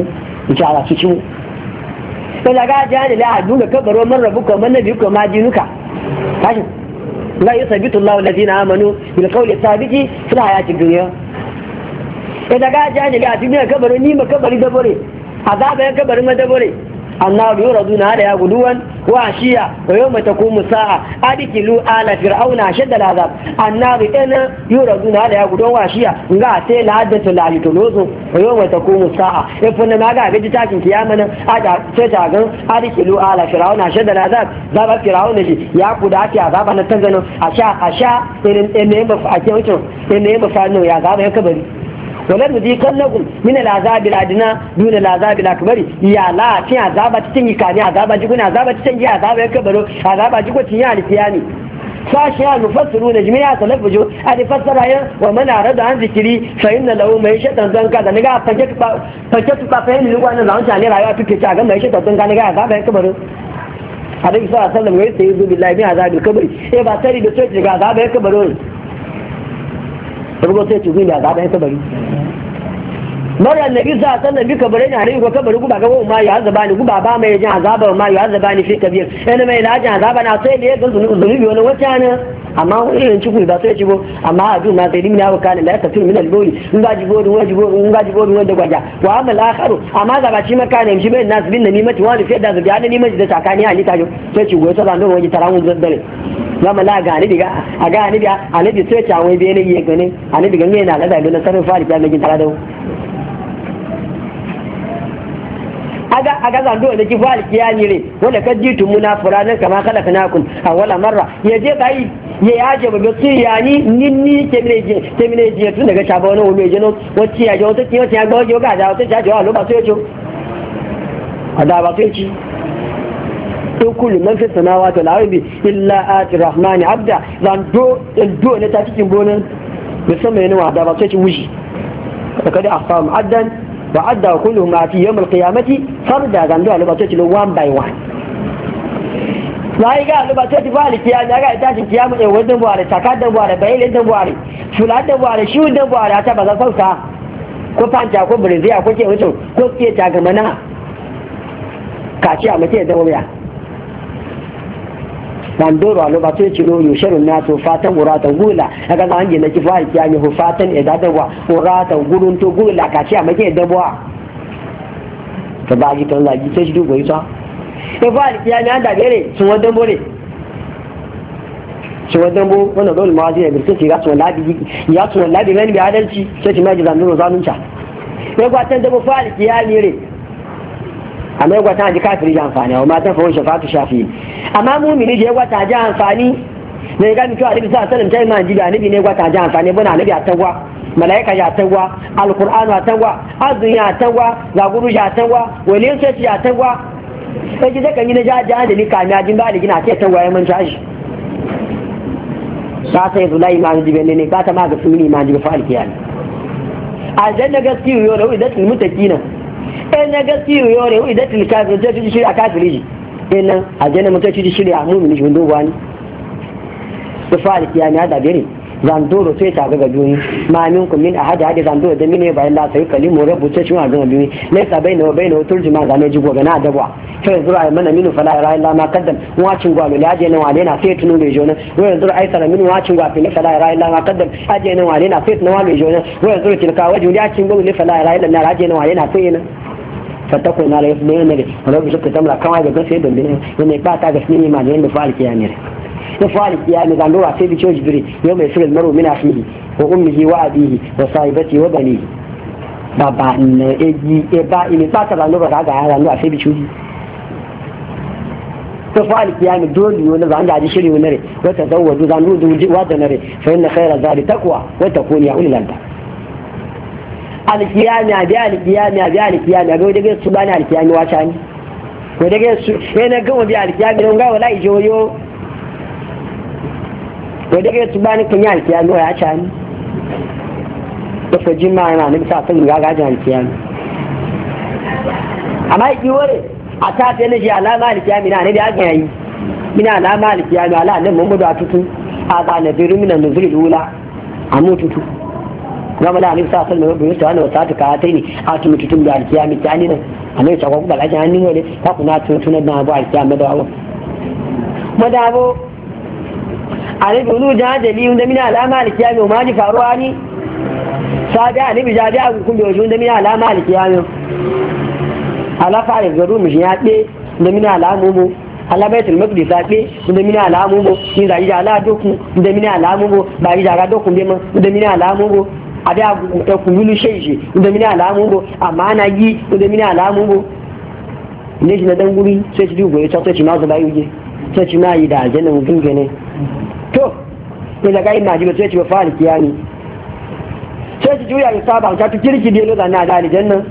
insha Allah ci mu to daga jani la aduga kabaro man rabuka man nabiyuka ma dinuka kashi la yusabitu Allah alladhina amanu bil qawli thabiti fil hayati dunya to daga jani la aduga kabaro ni dabore annabi yuraduna ala ya guduwan wa ashiya wa yawma taqumu sa'a adikilu ala fir'auna shadda al'azab annabi ina yuraduna ala ya guduwan wa ashiya nga te la hadatu la litolozo wa yawma taqumu sa'a ifuna na ga ga takin kiyama nan aga ce ta gan adikilu ala fir'auna shadda al'azab zaba fir'auna ji ya kuda ake azaba na tanzanin asha asha irin ne ba a ke wucin ne ba fa no ya zaba ya kabari walar da jikan lagun min al'azabil adina dun al'azabil akbari ya la tin azaba cikin ikani azaba jiguna azaba cikin ya azaba ya kabaro azaba jigo tin ya alfiyani sashi ya nufassiru na jimi ya salafu jo a da fassara yin wa mana rada an zikiri fa inna lahu mai shaitan zanka da niga fake tuba fa yin lugwa na zaman tani rayuwa tuke ci a ga mai shaitan zanka niga ya zaba yin A da sallallahu alaihi wasallam ya sayi zubi lafi a zabi kabari eh ba sari da sai ga zaba yin kabarin rubo sai ci a zaba yin kabari mara nabi sa san nabi kabare ne hari ko kabare guba gaba ma ya azaba ni guba ba mai jin azaba ma ya azaba fi kabir ina mai azaba na sai da ya gazu zunubi wani wata ne amma irin cikin ba sai cibo amma a duna sai dimina wa kana da min alboli in ga jibo ruwa jibo in ga jibo ruwa da gwaja wa amal akharu amma ga ba ci maka ne shi bai bin wani da takani ali sai ci don waje tarawun zaddare ga ni diga a ga ni diga a ni sai ta wai bai ne ya gane a diga ne na da da sarrafa da ga aga aga zando da ki fa alkiyami ne wala ka jitu muna nan kama kun a wala marra ya je kai ya yaje ba su yani ni ke mine je ke mine je tun daga shaba wani wani je no wacce ya je wata ki wata ya ga wajo ga da wata ya je lo ba su yace ada ba su ci in kullu man fi samawati wal ardi illa ati rahmani abda zan do in do ne ta cikin bonan musamman ne wa da ba sai ci wuji kada a samu addan wa adda kullu ma fi yawm al-qiyamati farda gandu alu bace lo one by one lai ga alba bace ti bali ya ga ita tashin kiyamu e wadan buare takadda buare bayile da buare fulada buare shu da buare ata zan sauka ko fanta ko brazil ko ke wucin ko ke ka kaci a mace da wuya dan doro alo ba sai ciro yo na to fatan uratan gula kaga ga hanje na kifa ya ne ho fatan e dada wa uratan gulun to gula ka ci a make da bwa ta ba ji tan laji sai shi dubo ita e ba ya an da gere sun wadan bore sun wadan bo wannan dole ma ji ne birkin ga sun labi ya sun labi ne bi adalci sai ti ma ji zanu zalunta ya gwatan da bo fa alkiyami re amma ya gwata ji kafiri ji amfani wa matan fawon shafatu shafi amma mumini ya gwata ji amfani na ya gami kyau alibi sa ta iman jibi alibi ne gwata ji amfani bana nabi a tagwa malaika ya tagwa alkur'anu a tagwa azun ya tagwa zaguru ya tagwa waliyan sai ya tagwa sai ji yi na da ni ba a ce tagwa ya manta shi ka sai zulai iman jibi ne ne ka ta ma ga iman fa alkiyani aljanna gaskiyo yau da da na gaskiyo yore wai da tilka da ta ci shirya kafiri ji kenan a jana mutum ci shirya mumini shi ndo wani su fara kiyami hada bere zandoro sai ta ga biyu ma min kun min ahadi hadi zandoro da mine bayan la sai kalimu rabu ta shi wa duni ne ta bai na bai na turjuma ga ne jigo ga na dabwa to yanzu ai mana minu fala ra illa ma kaddam wacin gwa mila je ne wale na sai tunu mai jona wa yanzu ai sana minu wacin gwa fi ne fala ra illa ma kaddam aje ne wale na sai tunu mai jona wa yanzu tilka waje ne acin gwa ne fala ra illa na aje ne wale na sai ne fatakun na laifin ne ne a lokacin ka tamra kawai da gaske don bine wanda ba ta gaske ne ma da yanda fa'al kiyamir da fa'al kiyamir da lura sai bicho jibri yau mai sirrin maru min asmihi wa ummihi wa abihi wa sahibati wa banihi baba na eji e ba ile ba ta lura ka ga ya lura sai bicho ta fa'al kiyami dole wani zan da ji shiri wani ne wata zawwaju zan rudu wata ne fa inna khayra zali taqwa wa takuni ya ulil albab alkiyami abi alkiyami abi alkiyami abi wadda gaisu bani alkiyami wata ne wadda gaisu yana gama bi alkiyami don gawa la'i joyo wadda gaisu bani kan yi alkiyami wata ne da fajin ma'ana na bisa sun gagajin alkiyami amma yi wore a ta ta yana shi alama alkiyami na ne da aka yayi ina alama alkiyami ala annabi muhammadu a tutu a ba na biru mina nuzuri lula a mututu gama da sa sallama alaihi wasallam wannan wata ta kata ne a tumi tutum da mi ta ne a ta gwagwa da ajin hannun ne ta kuna tutunan da abu alkiyami da abu madabo annabi ulu jahadali da mina alama alkiyami ma ji faruwa ni sabi bi jadi a kun da da mina alama alkiyami alafa da garu mu ya de da mina alamu mu baitul maqdis zaɓe da mini alamu mu ni da ida ala doku da mini alamu mu ba ida ga doku bi ma da mini alamu mu ade a kuyulu sheje inda mini alamun go amma na yi inda mini alamun go ne shi na dan guri sai shi dugo ya ta ci ma zuba yuje sai ci ma yi da aljanna mu gunge ne to ne daga ina ji sai ci ba fara kiyani sai ci juya ya saba ta kirki dai lo da na da aljanna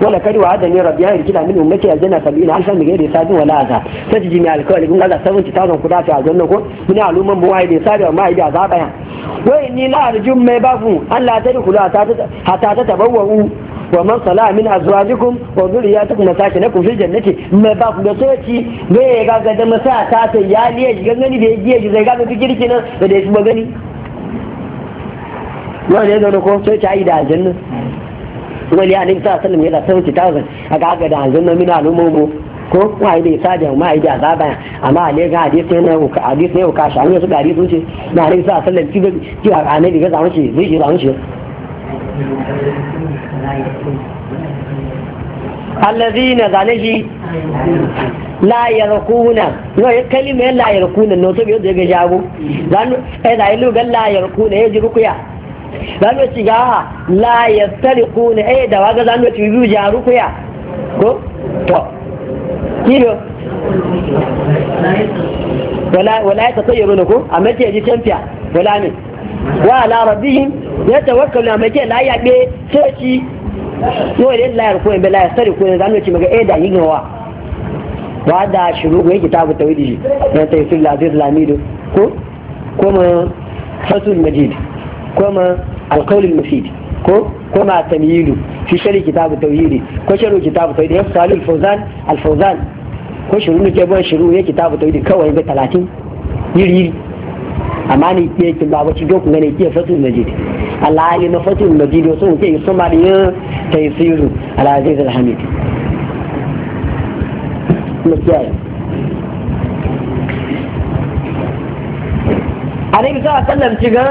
wala kari wa adani rabbi ya rikida min ummati aljanna sabina alfan min ghairi sadin wala aza sai ji mi alkawali kun ga 70000 kuda ta aljanna ko min aluman bu wai da sabi amma ida azaba ya wai ni la arjum mai babu Allah ta ta hatta ta tabawwu wa man sala min azwajikum wa dhurriyyatikum masakinakum fil jannati mai babu da soci ne ga ga da masa ta ta yaliye gangani da yaji zai ga ga girki nan da da shi magani wani ne da ko da aljanna wani alim sa sallam yana 70,000 a ga gada da hanzun mina al'ummomu ko a yi da isa da ma yi da ya amma a lega hadisi ne wuka ne wuka shi an yasu da wuce na sa sallam ki ki a annabi ga zamu ce zai ji zamu ce allazina zalahi la yarkuna kalima la yarkuna no to biyo da ga jago dan eh da ilu ga la yarkuna ya ji rukuya zanuwa ci gaha la ya tsari na eh da waga zanuwa ci biyu jaru kuya ko to kilo wala ya ya na ko a mace ya ji champion wala ne wa ala rabbihim yatawakkalu a mace la ya be soci yo ne la yar ko be la sari ko ne zamu ci maga eh da yin wa wa da shiru ko kitabu tawhidi ne tafsir al-aziz lamido ko kuma fasul majid kuma alƙaulin mufid ko kuma tamyidu fi shari kitabu tauhidi ko shiru kitabu tauhidi ya salul fawzan al fawzan ko shiru ne ke ban shiru ya kitabu tauhidi kawai ga 30 yiri yiri amma ni ke kin ba wacce doku ne ke fatul majid Allah ya na fatul majid so ke su ma da taysiru al aziz al hamid Annabi sallallahu alaihi wasallam ci ga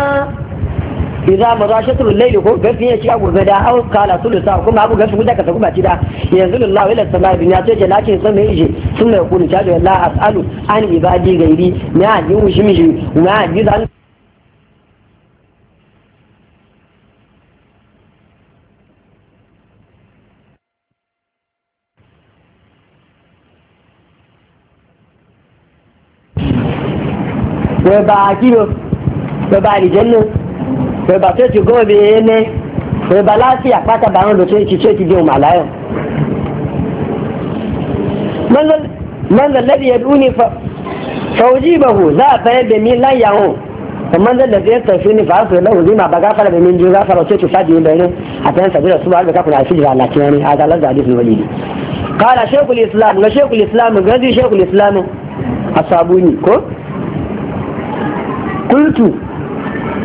iza za shi al laili ko gafi ya shiga gurbe da hau kala sulusa kuma abu gafi guda ka kuma cida yanzu lillahi ila samai ya ce ce sun mai ije sun mai kuni cajo ya la as'alu an ibadi gairi na ajin mishi na ajin zan Wai ba a kilo, ba ba a rijannin bai ba sai ci gobe ne bai ba lafiya fata ba wanda sai ci sai ci je ma layon man zallabi ya bahu za a da min lan yawon man tafi ni fa su lahu zima ba gafara da min jin gafara sai ci fadi yin bayanin a tayan su ba da kafin a shi jira Allah kiyani a ga lazza hadis ne walidi qala shaykhul islam ga shaykhul islam ga shaykhul asabuni ko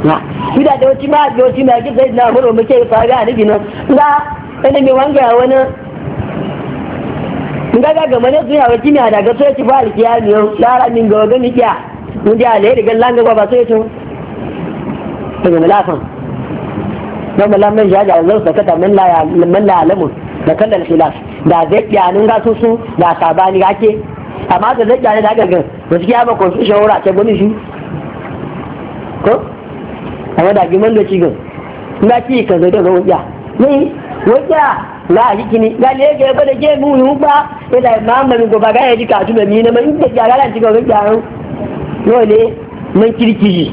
Kuda da wacce ma da wacce ma gida na horo muke yi fara a nabi na Nga mai wanga wani nga ga gama ne zuwa wacce ma daga so yace fara kiya ne lara min ga ga mikiya. Mun ji alai daga langa ba so yace. Daga malafan. Dan malaman ya ja Allah sakata man la man la alamu da kallal khilaf. Da zai kiyanin ga su su da sabani ake amma da zai kiyanin da gagan gaskiya ba ko shawara ta gwani shi. Ko? a wadda giman da cigan na ci ka zai daga wajen ne wajen a jikini ga ne ga yaba da ke muni ba ila mamamin gaba ga ya ji katu da na ma inda gyara da cigan wajen gyaran dole man kirkiri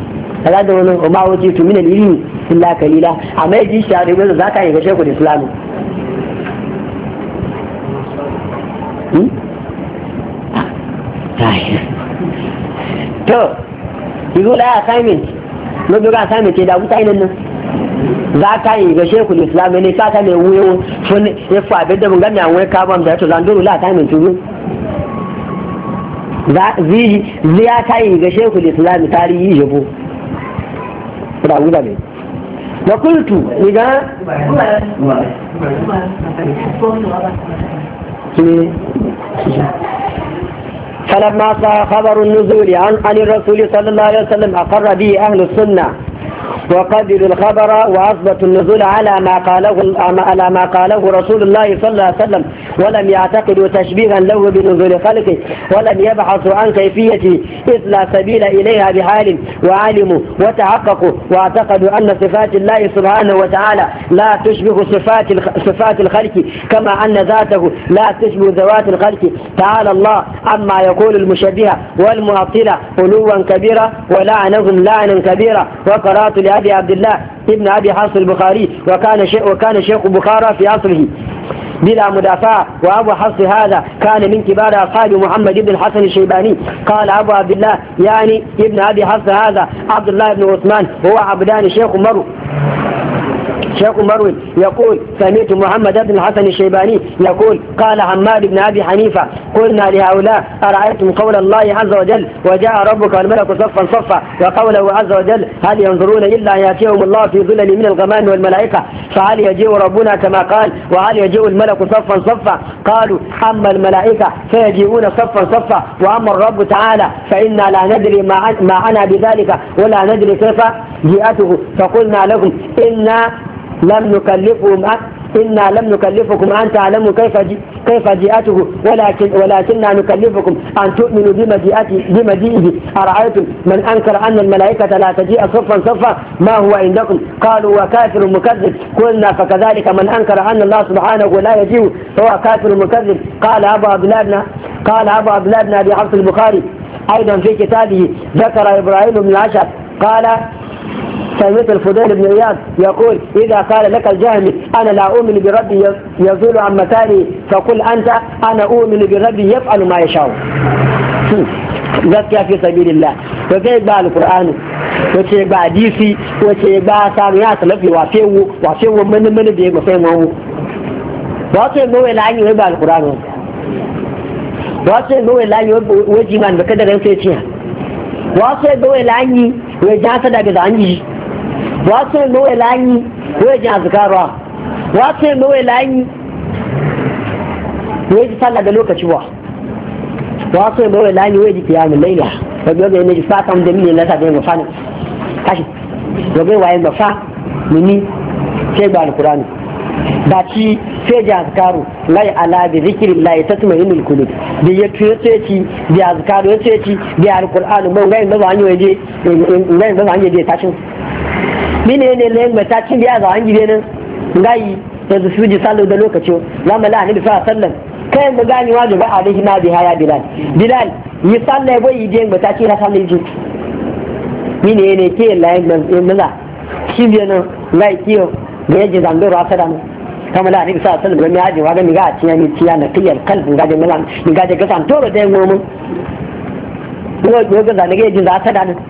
kaza da wani umma wace to min al-ilmi illa kalila amma yaji shi a da zaka yi ga shekul islamu hmm? ah, to you go assignment na za ta mai ke da wuta inan nan za ka yi ga da islam ne ka ta mai wuyo sun ya fa bi da bugan mai wai ka da ya tozan duru la ta mai tuzu za zi ziya ta yi ga shekul islam tarihi yabo da wuta ne da kultu ni ne فلما صار خبر النزول عن, عن الرسول صلى الله عليه وسلم أقر به أهل السنة وقدروا الخبر وأثبتوا النزول على ما قاله على ما قاله رسول الله صلى الله عليه وسلم ولم يعتقدوا تشبيها له بنزول خلقه ولم يبحثوا عن كيفية إذ لا سبيل إليها بحال وعلموا وتحققوا واعتقدوا أن صفات الله سبحانه وتعالى لا تشبه صفات صفات الخلق كما أن ذاته لا تشبه ذوات الخلق تعالى الله عما يقول المشبهة والمعطلة علوا كبيرا ولعنهم لعنا كبيرا وقرأت أبي عبد الله ابن أبي حفص البخاري وكان شيخ وكان شيخ بخارى في عصره بلا مدافع وأبو حفص هذا كان من كبار أصحاب محمد بن الحسن الشيباني قال أبو عبد الله يعني ابن أبي حفص هذا عبد الله بن عثمان هو عبدان شيخ مرو شيخ مروي يقول سمعت محمد بن الحسن الشيباني يقول قال عماد بن أبي حنيفة قلنا لهؤلاء أرأيتم قول الله عز وجل وجاء ربك والملك صفا صفا وقوله عز وجل هل ينظرون إلا أن يأتيهم الله في ظلل من الغمام والملائكة فهل يجيء ربنا كما قال وهل يجيء الملك صفا صفا قالوا أما الملائكة فيجيئون صفا صفا وأما الرب تعالى فإنا لا ندري ما عنا بذلك ولا ندري كيف جيئته فقلنا لهم إنا لم نكلفهم إنا لم نكلفكم أن تعلموا كيف كيف جاءته ولكن ولكننا نكلفكم أن تؤمنوا بمجيئته بمجيئه أرأيتم من أنكر أن الملائكة لا تجيء صفا صفا ما هو عندكم قالوا وكافر مكذب قلنا فكذلك من أنكر أن الله سبحانه لا يجيء هو كافر مكذب قال أبو عبد الله قال أبو عبد الله بن أبي البخاري أيضا في كتابه ذكر إبراهيم بن العشر قال سميت الفضيل بن اياد يقول اذا قال لك الجهمي انا لا اؤمن بربي يزول عن مكاني فقل انت انا اؤمن بربي يفعل ما يشاء gaskiya fi sabilillah to kai ba alqur'ani to ce ba hadisi to ce ba sanu ya salafi wa fewo wa fewo mani mani da ya sai mawu ba ce no wai lani wai ba alqur'ani ba ce no wai lani wai jiman da kada ran sai ce ba ce no wai lani wai ja ta daga zanji wato yin nowe lanyi wai jin azikarwa wato yin nowe lanyi wai ji sallah da lokaci ba wato yin nowe lanyi wai ji kiyamun laila wani yau ga yana ji fata mu da mini lasa da yin gafa ne kashi gobe waye gafa mini sai ba alkurani ba ci sai ji azikaru lai ala bi zikiri lai ta tuma yin kulub da ya tuye sai ci da ya sai ci da alkurani mai ngai ba ba hanyoyi je ngai ba ba hanyoyi je tashin mine ne ne mai ta cin biya ga an benin ngayi da su suji salo da lokaci za mu annabi sallallahu alaihi wasallam kai mu gani wa gaba alaihi na biha ya bilal bilal yi salla bai yi den ba ta na sallo ji mine ne ke layin nan mala shi biya nan ngayi kiyo ga yaji zando ra sada nan kama la annabi sa sallan wasallam ya ji wa ga mi ga ciya ni ciya na kiyar kalbin ga da mala ni ga da gasan toro da ngomo ko ga ga ne ga ji za sada nan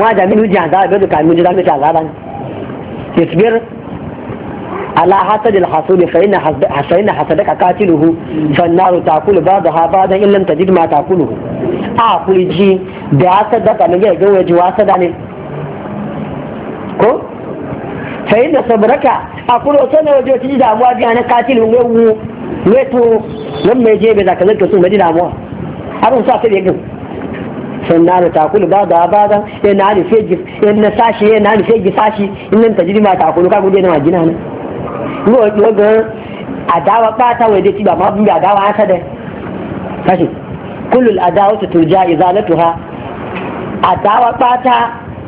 wa da min hujja za ga da ji da za mu ta za ba يصبر على حسد الحسود فإن حسدك قاتله فالنار تأكل بعضها بعضا إن لم تجد ما تأكله أقول جي da hasadaka na gaya gawa ji wasada ne ko sai da sabraka a kuro sana waje wata ji damuwa biya na katil mai wu mai to nan je su sa yan na da takulu ba da ba da ya na da feji yan na sashi yan na da feji sashi in nan tajiri ma takulu ka gude na majina ne ngo ngo ga adawa ba ta waje ti ba ma bi adawa an sada kashi kullul adawatu turja izalatuha adawa ba ta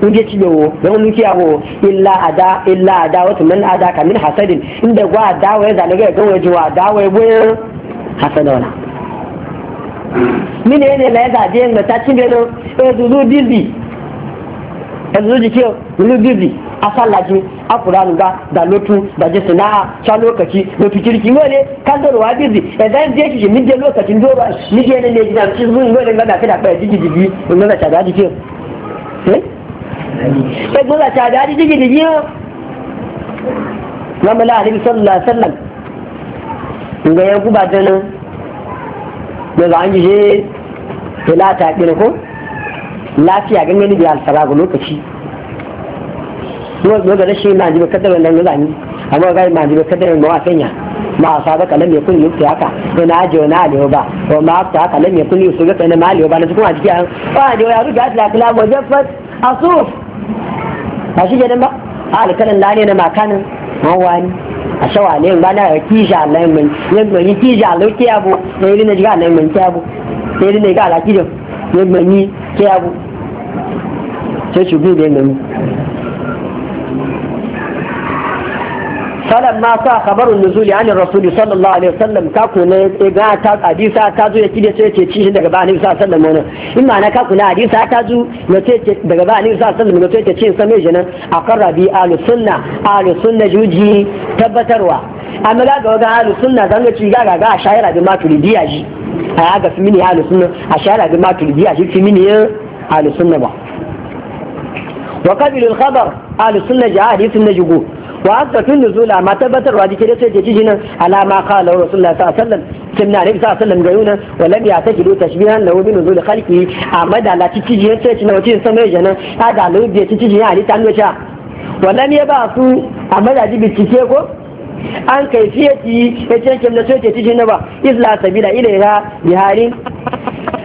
inje ci yawo don nuki yawo illa ada illa adawatu man ada kamin hasadin inda gwa adawa ya zalaga ga waje wa adawa ya e boye hasada wala mini ne la yadda je nga ta cin gado e eh, zuzu dizi e eh, zuzu ke zuzu dizi a sallaji a kuranu ga da lotu da je sana'a ta lokaci lotu kirki ngole kandarwa dizi e eh, dan je ki min je lokacin doro ni je ne ne gidan ci zuzu ngole ga da kada fa jiji jiji ngole ta da jike eh e gola ta da jiji jiji Namala Alayhi sallallahu alaihi wasallam ga yanku ba da za an je filata ɗin ko lafiya gangani da alfara ga lokaci yau da rashin na jibe kadar wannan zani amma ga ma jibe kadar ma wasanya ma a asaba kalam ya yakun yufti haka ko na aje wani alewa ba ko ma a afta haka lam yakun yufti ga na malewa ba na cikin a jikin ba ne ya ruga da kala go jafat asuf ba shi ne ba alkalan lane na makanin mawani asawa ne ba na kisha nan mun yan mun kisha lo abu ne ri ne ga nan mun ke abu ne ri ne ga la kido ne mun ni ke abu sai shugu ne mun falan ma sa khabarun nuzuli an rasuli sallallahu alaihi wasallam ka ku ne ga ta hadisa ta daga ba annabi sallallahu alaihi wasallam in ma na ka ku na daga ba annabi sallallahu alaihi wasallam na ce ci same shi nan aqarra bi tabbatarwa amma ga ga ahli sunna zan ga ci ga ga ga shayara bi maturidiya ji a ga fi mini ahli sunna a shayara bi maturidiya shi ba wa wa asbatun nuzula ma tabbatarwa dike da sai jiji nan alama qala rasulullahi sallallahu alaihi wasallam sunna nabi sallallahu alaihi wasallam gayuna wa lam yatakidu tashbihan lahu bi nuzul khalqi amma da la titi jiji sai cin wacin samai janan ta da lu bi ci jiji ali tan wacha wannan ya ba su amma da jibi tike ko an kai fiye kaifiyati ya ce kin da sai titi jiji na ba isla sabila ilaiha bi halin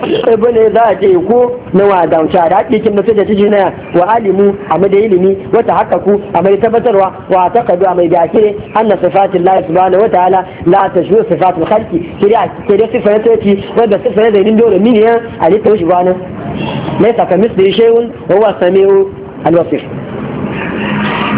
kai bane za a ce ko na wa damta da ake kin mutum da ciki na wa alimu a mai da ilimi wata ku a mai tabbatarwa wa takadu a mai da akire anna sifatin la subhanahu wa ta'ala la tashbihu sifatul khalqi kiriya kiriya sifar ta wanda sifar da nin dole miniya a litta shi bana laisa kamisli shay'un wa huwa samiu al-basir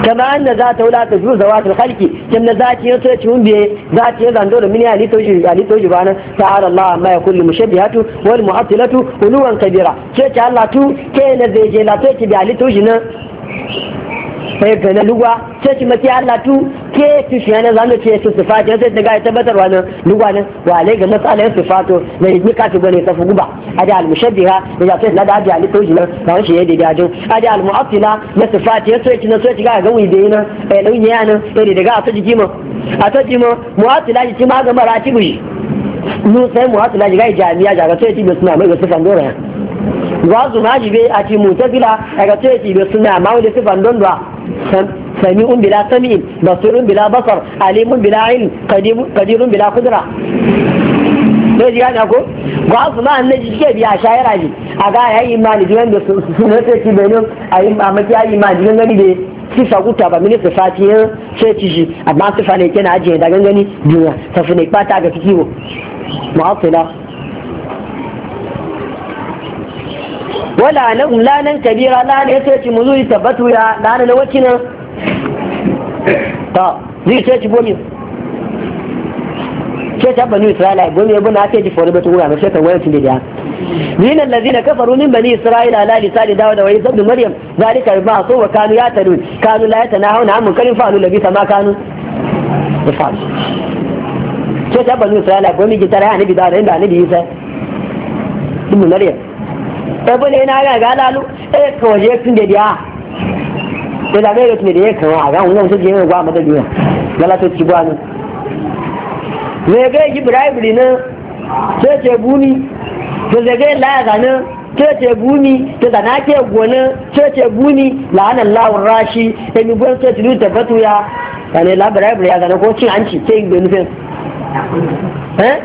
kama anna za ta wula ta zuwa zawatul khalqi kin na zaki ya so ci hunde zaki ya zando da mini ali tauji ali tauji bana ta'ala Allah amma ya kullu mushabbihatu wal mu'attilatu uluwan kabira ce ce Allah ka ke na zai je la sai ki bi na sai ga na lugwa sai ci mace Allah tu ke ci shi ne zamu ce su sifati sai daga ya tabbatarwa nan lugwa ne wa alai ga masalan sifato ne ni ka ci bane safu guba ada al mushabbiha da ya sai na da da ali toji nan kawai shi yadda da jin ada al mu'attila na sifati sai ci na sai ci ga ga wi da nan eh lauyi ya nan sai daga a ta jiki mu a ta jiki mu mu'attila ji ma ga marati bi nu sai mu'attila ji ga jami'a ga sai ci bi suna mai ga sifan dora za su ma jibe a ci mutazila daga sai ci bi suna ma wani sifan don سميع بلا سمع بصير بلا بصر عليم بلا علم قدير, قدير بلا قدرة bai ji gane ko ga ma na ji ke biya shayara ji a ga ya yi imani jiran da su na sai ci a yi ya yi imani jiran gani da ci saguta ba mini su fati yin sai ci amma su fa ne kena ajiye da gangani duniya ta fi ta ga kiwo mu'afila wala lahum lanan kabira lanan yace ci muzu tabbatu ya lanan wacin ta zai ce ci bomi ce ta banu isra'ila bomi ya buna ce ci fori batu wura mai shekan wayar tunde da من الذين كفروا من بني إسرائيل على لسان داود وعيسى ابن مريم ذلك بما عصوا وكانوا يعتدون كانوا لا يتناهون عن منكر فعلوا لبئس ما كانوا يفعلون ce ta banu isra'ila ko miji tara annabi da ran da annabi isa ibn maryam ebe ne na ga ga lalu e ka je tun da dia ko da ga tun da ya kan a ga wannan sai je ga madadi ne galato ci ba ne ne ga ibrahim ne sai ce buni to da ga la ga ne cece guni ta zana ke gona cece guni la'anan lawun rashi e ta mi gwan cece lu ta batu ya ta ne labarai bari ya zana ko cin hanci ce yi nufin eh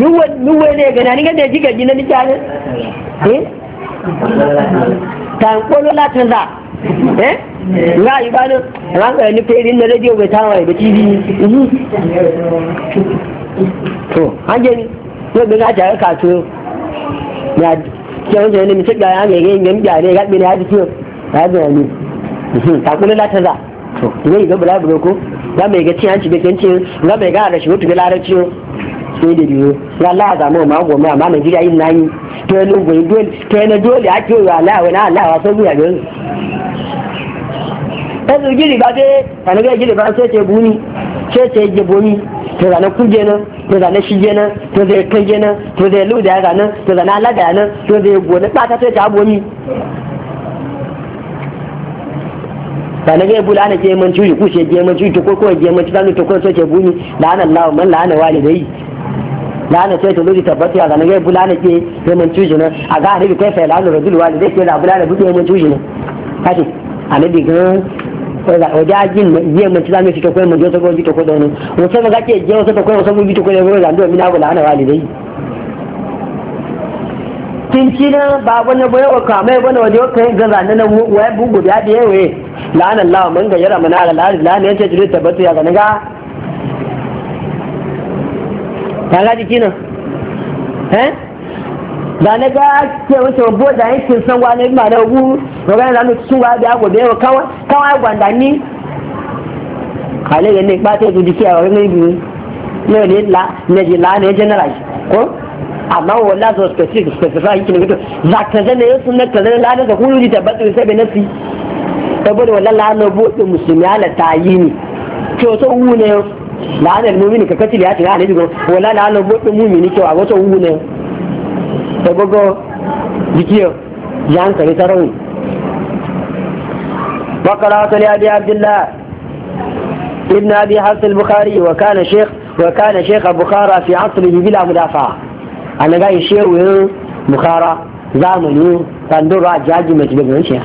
nuwe ne gana ni ganda gaji na mutane eh tan kolo latin eh nga yi bani ran ka ni fere na radio bai tawa ba tv to an ni ko bin a tare ka to ya ke wanda ne mutum ga ya ga yin yan jare ga bin ya ji to ya ga ni ta kolo latin za to zai ga bula bula ko ga mai ga ci hanci da cin ga mai ga da shi wato ga larabci sai da biyu ya Allah mu ma goma ma gida yin nayi to ne to ne dole ake yi Allah wa na Allah wa so buya gani yanzu gidi ba dai kana ga gidi ba sai ce buni sai ce ya buni to da na kuje nan to da na shige nan to da kan je nan to da lu da ga nan to da na lada nan to da ba ta sai ta buni da na gaya bula man curi kushe je man curi to ko ko je man curi to ko so ke buni la ana Allah man la ana walidai lana ce to lodi tabbati a ga nage bulana ke mun tuji ne a ga annabi kai fa lana rajul walidai ke da bulana buɗe mun tuji ne kashi annabi ga waje ajin yi mun ci zamu fito kai mun je ta goji ko da ne wato ga ke je wato ko wato mun bi ko da ruwa da mun na bulana walidai tinci na ba wani bai wa kama wani waje kai ga na waye bugu da ya da yawe la'ana Allah mun ga mana ala yace tabbatu ya ga ta gaji kinan eh da na ga ke wace wabo da yankin san wani ma na gu magana da mutu wa da gobe wa kawai kawai gwanda ni kale ne ba ta zuci a wani biyu ne ne la ne ji la ne general ko amma wala zo specific specific kin ga za ka zane yasu na ka zane la da kullu ji tabbata sai be nasi saboda wala la no bo musulmi ala tayi to so wu ne la'anar mumini ka katil ya tina anabi go wala la'anar bodin mumini kyau a wata wune ta gogo jikiyo ya hankali ta rauni وقرأ لأبي عبد الله ابن أبي حفص البخاري وكان شيخ وكان شيخ بخارى في عصره بلا مدافعة أنا جاي شيخ بخارى زامني كان دور جاجي ya شيخ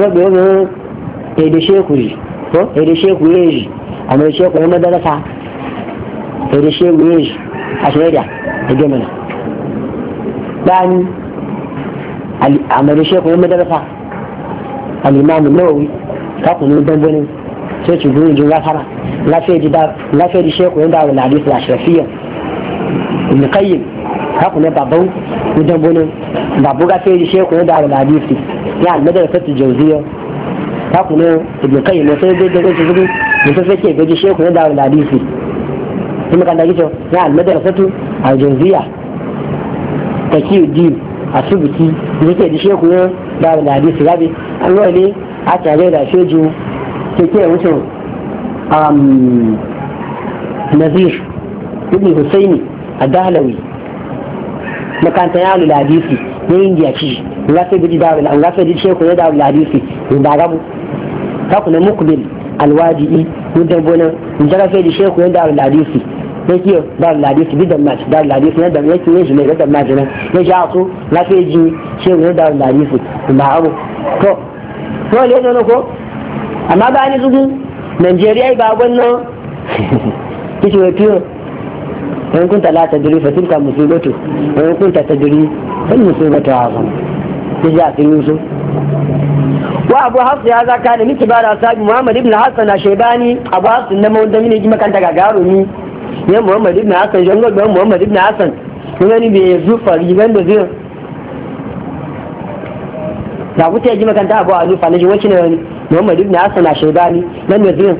يبقى يبقى يدي شيخ ويجي يدي شيخ ويجي amma shi kuma madarasa da da shi gure shi a shaida da gemina bani amma da shi kuma madarasa al'imamu nawawi ka kuma dangane sai ci gure jin gafara lafiya da shi kuma da wani hadisi da shirafiya ibn qayyim ka kuma babu wajen bunin babu gafe da shi kuma da wani mutu sai ke gaji shehu na da hadisi sun makanta gicho na almadar satu a ta kiyu a subuti da suke da shehu na da hadisi bi an ne a tare da sheju ke ke nazir ibn husaini a dalawi makanta ya alu hadisi na indiya ci sai gaji hadisi hadisi da ta kuna mukbil alwajibi mun mutum nan mun jaka kai da sheku yanda al hadisi ya kiyo da al hadisi bidan mace da al ladisi yadda ya kiyo shi ne yadda mace nan ya sha su na fai ji sheku yanda al hadisi ba abu to to le ne ko amma ba ni zugu Najeriya ba gwanno kici wa tiyo in kunta la ta tadri fa tilka musibatu wa in kunta tadri fa musibatu azam kici a cikin su wa abu hafsu ya zaka da miki ba da sabi muhammad ibn hassan na shaibani abu hafsu na mawanda mini ji makanta ni ya muhammad ibn hassan shangon ga muhammad ibn hassan kun gani bai zufa riban da zai da kuta ya ji makanta abu a zufa na ji wacce na muhammad ibn hassan na shaibani nan da zai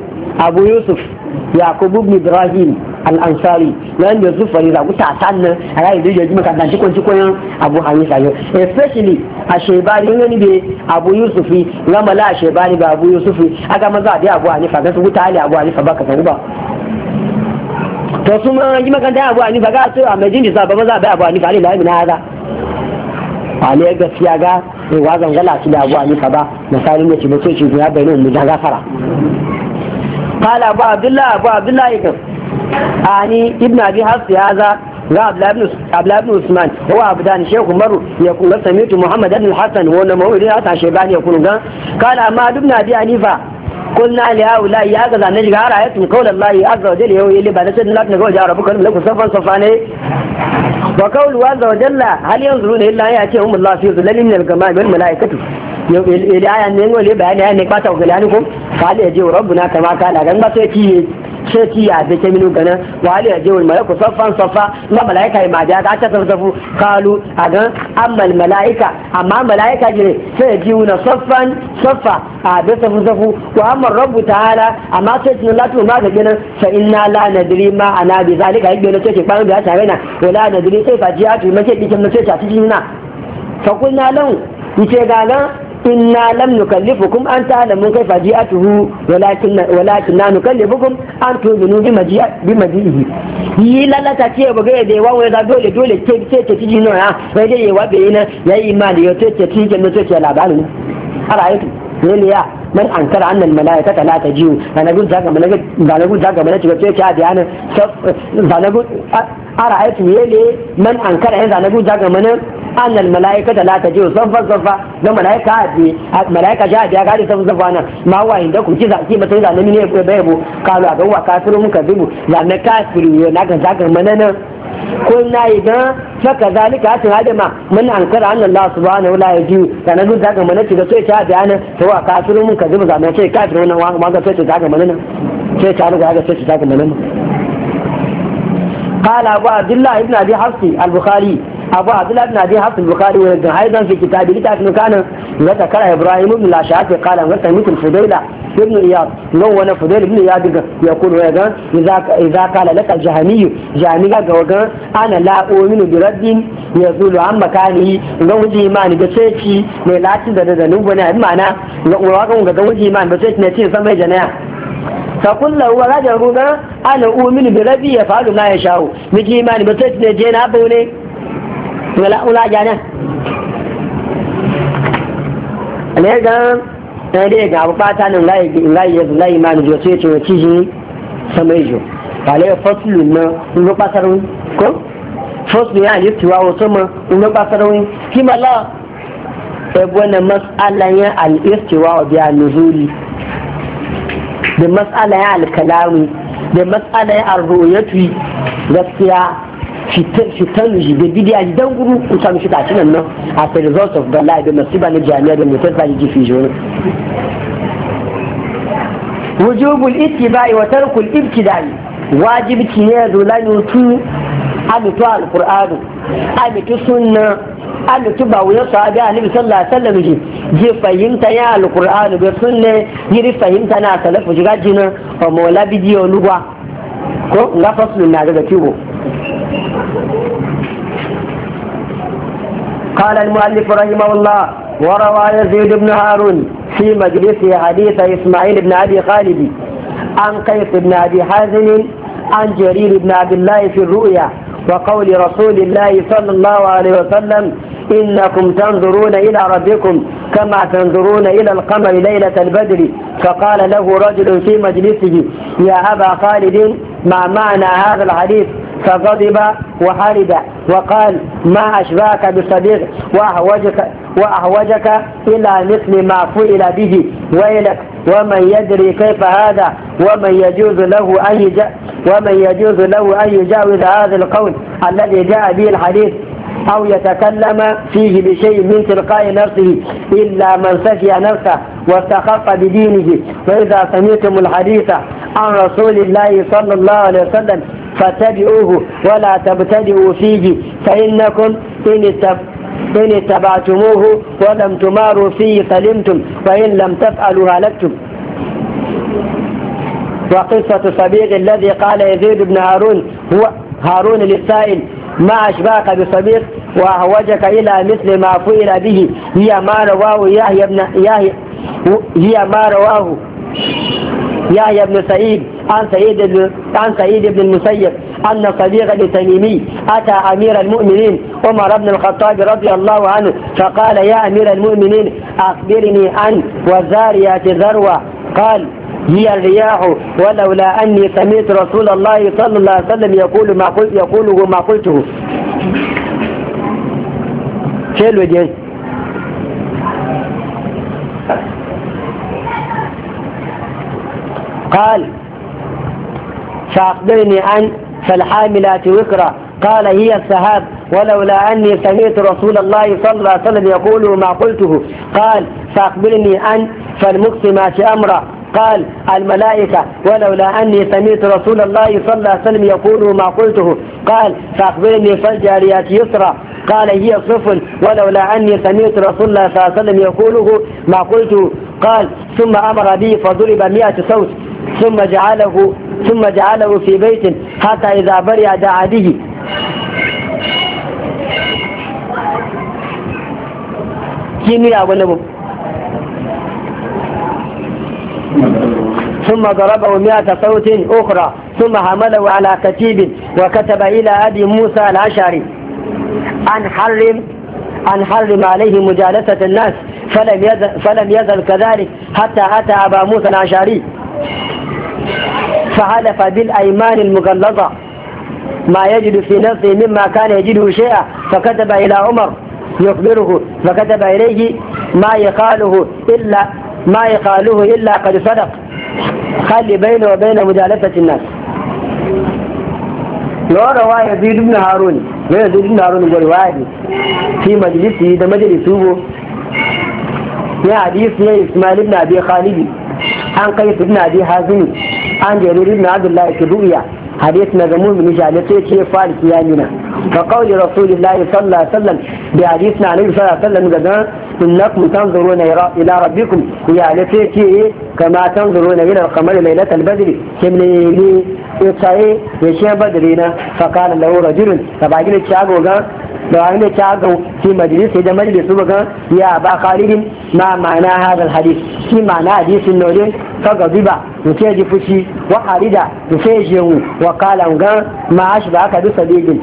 abu yusuf yakubu ibn ibrahim al-ansari nan da zufa ne zaku ta sannan a yayin da yaji maka dan cikon cikon abu hanifa yo especially a shebari ne ne abu yusufi na mala a shebari ba abu yusufi aga maza da abu hanifa ga su wuta ali abu hanifa baka san ba to su ma yi maka da abu hanifa ga su a majin da ba maza ba abu hanifa ali la na hada ale gaskiya ga wazan gala su da abu hanifa ba misalin da ci ba so ci ya bayyana mu da gafara qala abu abdullah abu abdullah a ani ibn abi hafs hadha ga abdullah ibn usman wa abdan shaykh umar ya kun samitu muhammad ibn hasan wa na mawidi ta shaybani ya kun ga qala amma ibn abi hanifa قلنا لهؤلاء يا غزا نجي غارايتم قول الله عز وجل يو يلي بعد سيدنا لك نقول يا ربك لك صفا صفاني وقول عز وجل هل ينظرون الا ياتيهم الله في ظلال من الغمام والملائكه yadda aya ne ngole bayani ya ne kwata gula ni ko wali ya jiwa rabbuna kama kana gan ba sai kiye sai kiya da ke minu gana Wa wali ya jiwa malaku saffan saffa na malaika ya maja ta ta sarzafu kalu a gan ammal malaika amma malaika ne sai ya jiwa na saffan saffa a da safu safu wa amma rabbu ta'ala amma sai tun latu ma ga gina fa inna la nadri ma na bi zalika yake ne take kwarin da ya tare na wala nadri sai fajiya tu mace dikin mace ta cikin na fa kullu lahu yace gagan inna lam nukallifukum an ta'lamu kayfa ji'atuhu walakin walakin na nukallifukum an tuzunu bi maji'a bi maji'ihi yi lalata ce ba ga da wawa da dole dole ke ce ce ci no ya sai dai yawa bai na yayi imani ya ce ce ke no ce ce labarin arayatu dole ya man an kara annal malaikata la tajiu zanagun zaga malaga zanagun zaga malaga ce ce ce a bayana zanagun arayatu ne man an kara zanagun zaga malaka malaika da la tajiu saffan saffa na malaika ji malaika ja ja gari saffan saffa nan ma wa inda ku ki zaki mata da nan ne bai bu kalu ga wa kafiru mun kadibu la na kafiru ne na ga zaka manana Ko na yi gan saka zalika hatin hadima mun an kara annan Allah subhanahu la yaji da na zuwa ga manana da sai ta bayanin to wa kafiru mun kadibu zaman sai kafiru nan wa ga sai ta ga manana sai ta ga ga sai ta ga manana قال أبو عبد الله بن أبي حفص البخاري abu abdullah ibn abi hasan bukhari wa ga haidan fi kitabi lita ibn kana ga takara ibrahim ibn lashafi qala ga samitu fudaila ibn iyad ga wani fudail ibn iyad ga ya kulu ya ga idza idza qala laka jahani jahani ga ga ga ana la u'minu bi rabbin yazulu an makani ga wuji imani ga ceci mai lati da da nubu ne ma'ana ga uwa ga ga wuji imani ba ceci ne ce san mai janaya فقل له رجل انا اؤمن بربي يفعل ما يشاء نجي ايمان بس نجينا بوني wala ula jana ne ga ne dai ga bukata nan lai lai ya lai ma jo ce ce ci ji samai jo bale faslu na ngo pasarun ko faslu ya ne tiwa o sama ngo pasarun kima e bona mas'ala ya al-istiwa bi an-nuzuli da mas'ala ya al-kalami da mas'ala ya ar-ru'yati gaskiya shitan shi da bidiya ji dan guru ku sami shi tashi nan nan as a result of bala da nasiba na jami'a da mutum ba ji fi jona wujubul ittiba'i wa tarkul ibtida'i wajibci ne zo la yutu amitu alqur'anu amitu sunna amitu ba wuya sahabi annabi sallallahu alaihi wasallam ji je fahimta ya alqur'anu be sunne yiri fahimta na salafu jiga jina o mola lugwa ko nga fasulun na daga tibo قال المؤلف رحمه الله وروى يزيد بن هارون في مجلسه حديث إسماعيل بن أبي خالد عن قيس بن أبي حازم عن جرير بن عبد الله في الرؤيا وقول رسول الله صلى الله عليه وسلم إنكم تنظرون إلى ربكم كما تنظرون إلى القمر ليلة البدر فقال له رجل في مجلسه يا أبا خالد ما معنى هذا الحديث فغضب وحرب وقال ما أشباك بصديق وأهوجك, وأهوجك إلى مثل ما فعل به ويلك ومن يدري كيف هذا ومن يجوز له أن ومن يجوز له أن يجاوز هذا القول الذي جاء به الحديث أو يتكلم فيه بشيء من تلقاء نفسه إلا من سفي نفسه واستخف بدينه وإذا سمعتم الحديث عن رسول الله صلى الله عليه وسلم فاتبعوه ولا تبتدئوا فيه فإنكم إن إن اتبعتموه ولم تماروا فيه سلمتم وإن لم تفعلوا هلكتم وقصة صبيغ الذي قال يزيد بن هارون هو هارون للسائل ما أشباك بصديق وأهوجك إلى مثل ما فعل به هي ما رواه يحيى بن يحيى هي ما رواه يحيى بن سعيد عن سعيد عن سعيد بن المسيب أن صديق التميمي أتى أمير المؤمنين عمر بن الخطاب رضي الله عنه فقال يا أمير المؤمنين أخبرني عن وزارية ذروة قال هي الرياح ولولا أني سمعت رسول الله صلى الله عليه وسلم يقول ما قلت يقوله ما قلته شيل وجهي. قال فأخبرني عن فالحاملات وقرأ قال هي السهاب ولولا أني سمعت رسول الله صلى الله عليه وسلم يقول ما قلته قال فأخبرني أن في أمره قال الملائكة ولولا أني سمعت رسول الله صلى الله عليه وسلم يقول ما قلته قال فأخبرني فالجاريات يسرى قال هي صفن ولولا أني سمعت رسول الله صلى الله عليه وسلم يقوله ما قلته قال ثم أمر بي فضرب مئة صوت ثم جعله ثم جعله في بيت حتى إذا برئ دعا به ثم ضربه مئة صوت أخرى ثم حمله على كتيب وكتب إلى أبي موسى العشري أن حرم أن حرم عليه مجالسة الناس فلم يزل, فلم يزل كذلك حتى أتى أبا موسى العشري فحلف بالأيمان المغلظة ما يجد في نفسه مما كان يجده شيئا فكتب إلى عمر يخبره فكتب إليه ما يقاله إلا ما يقاله إلا قد صدق خلي بينه وبين مجالسة الناس لو روى يزيد بن هارون يزيد بن هارون يقول واحد في مجلسه ده مجلسه يا حديث يا إسماعيل بن أبي خالد عن قيس بن أبي حازم عن جرير بن عبد الله الكبوية حديث نجمون بن جعلته كي فارس يامنا فقول رسول الله صلى الله عليه وسلم بحديثنا عليه صلى الله عليه وسلم قال إنكم تنظرون إلى ربكم يا لتيتي كما تنظرون إلى القمر ليلة البدر كم لي يتعي يشي بدرينا فقال له رجل فبعدين الشعب وقال da wani ne ta ga fi majalis da majalis su ga ya ba khalidin ma ma'ana hadal hadis shi ma'ana hadisin nore ka ga zuba mutum ji fushi wa harida mutum je mu wa kalan ga ma shi ba ka bi bigin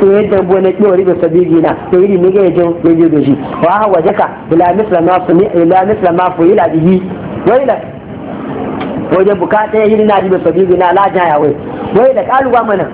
to yadda bu na kiwo da sabigi na to yiri ne ga yajin yaji da shi wa waje ka ila misla ma fu ila misla ma fu ila bihi waila wajen bukata yiri na riba sabigi na la jaya wai waila kaluwa mana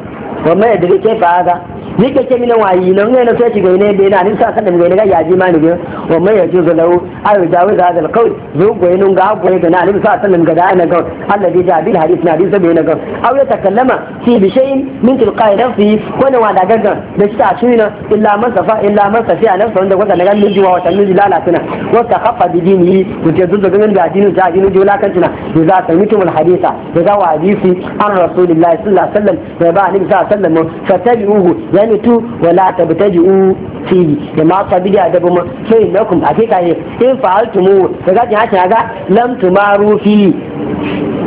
wannan yadda da ke fa ga? ni ke ke mina wayi nan ne na sai ci gaine be na nisa sa san da mu gaine ga yaji ma ni ga wa mai yaji zo lawo ay da wai da dal qaul zo gaine nun ga goye ga na nin sa san ga da na ga Allah bi ja bil hadith na bi sabe na ga aw ya takallama fi bi shay'in min til qaid fi ko na wada gaga da shi ta shi na illa man safa illa man safi an san da wanda gwada daga miji wa tan wata miji lalatuna wa ta khaffa bi dinihi ku ce zo daga da dinin ja dinin la kan tuna da za ta mutum al haditha da za wa hadisi an rasulullahi sallallahu alaihi wasallam da ba ni sa sallallahu fa tabi'uhu mitu wala tabtaji'u fihi da ma ka bidiya da buma sai lakum akika ne in fa'altumu da ji hata ga lam tumaru fi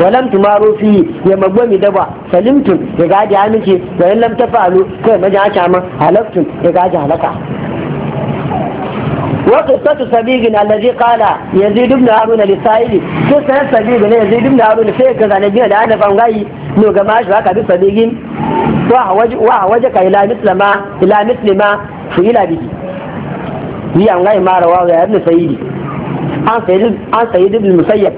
wa lam tumaru fi ya mi daba salimtum ga ji amince wa in lam tafalu kai maji hata ma halaktum ga ji halaka وقصة سبيق الذي قال يزيد بن هارون لسائلي قصة سبيق يزيد بن هارون فيك كذا da لأنا فانغاي no ga mashi haka bi sadigin wa waje ka ila mislima ila mislima fi ila bihi ni an gai mara wa ya ibn sayyidi an sayyid an sayyid ibn musayyab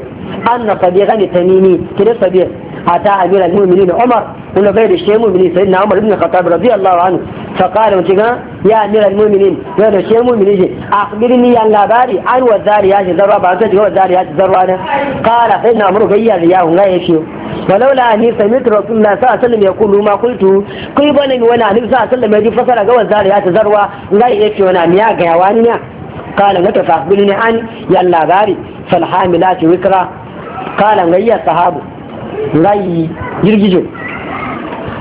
anna sadiqan tanimi kida sadiq ata amir al-mu'minin umar kullu bai da shi mu'mini sayyidina umar ibn khattab radiyallahu anhu fa qala mu kiga ya amir al-mu'minin ya da shi mu'mini ji akhbirni yan labari an wa zariya ji zarwa ba ta ji wa zariya ji zarwa ne qala sayyidina umar bayya ya hun ga yake walaula ni sami'tu rasulullah sallallahu alaihi wasallam yaqulu ma qultu kai bane mi wani fasara ga wa zariya ta zarwa ga yake wani miya ne قال متى فاخبرني عن يا اللاباري فالحاملات وكرا قال غير صحابه rayi girgijo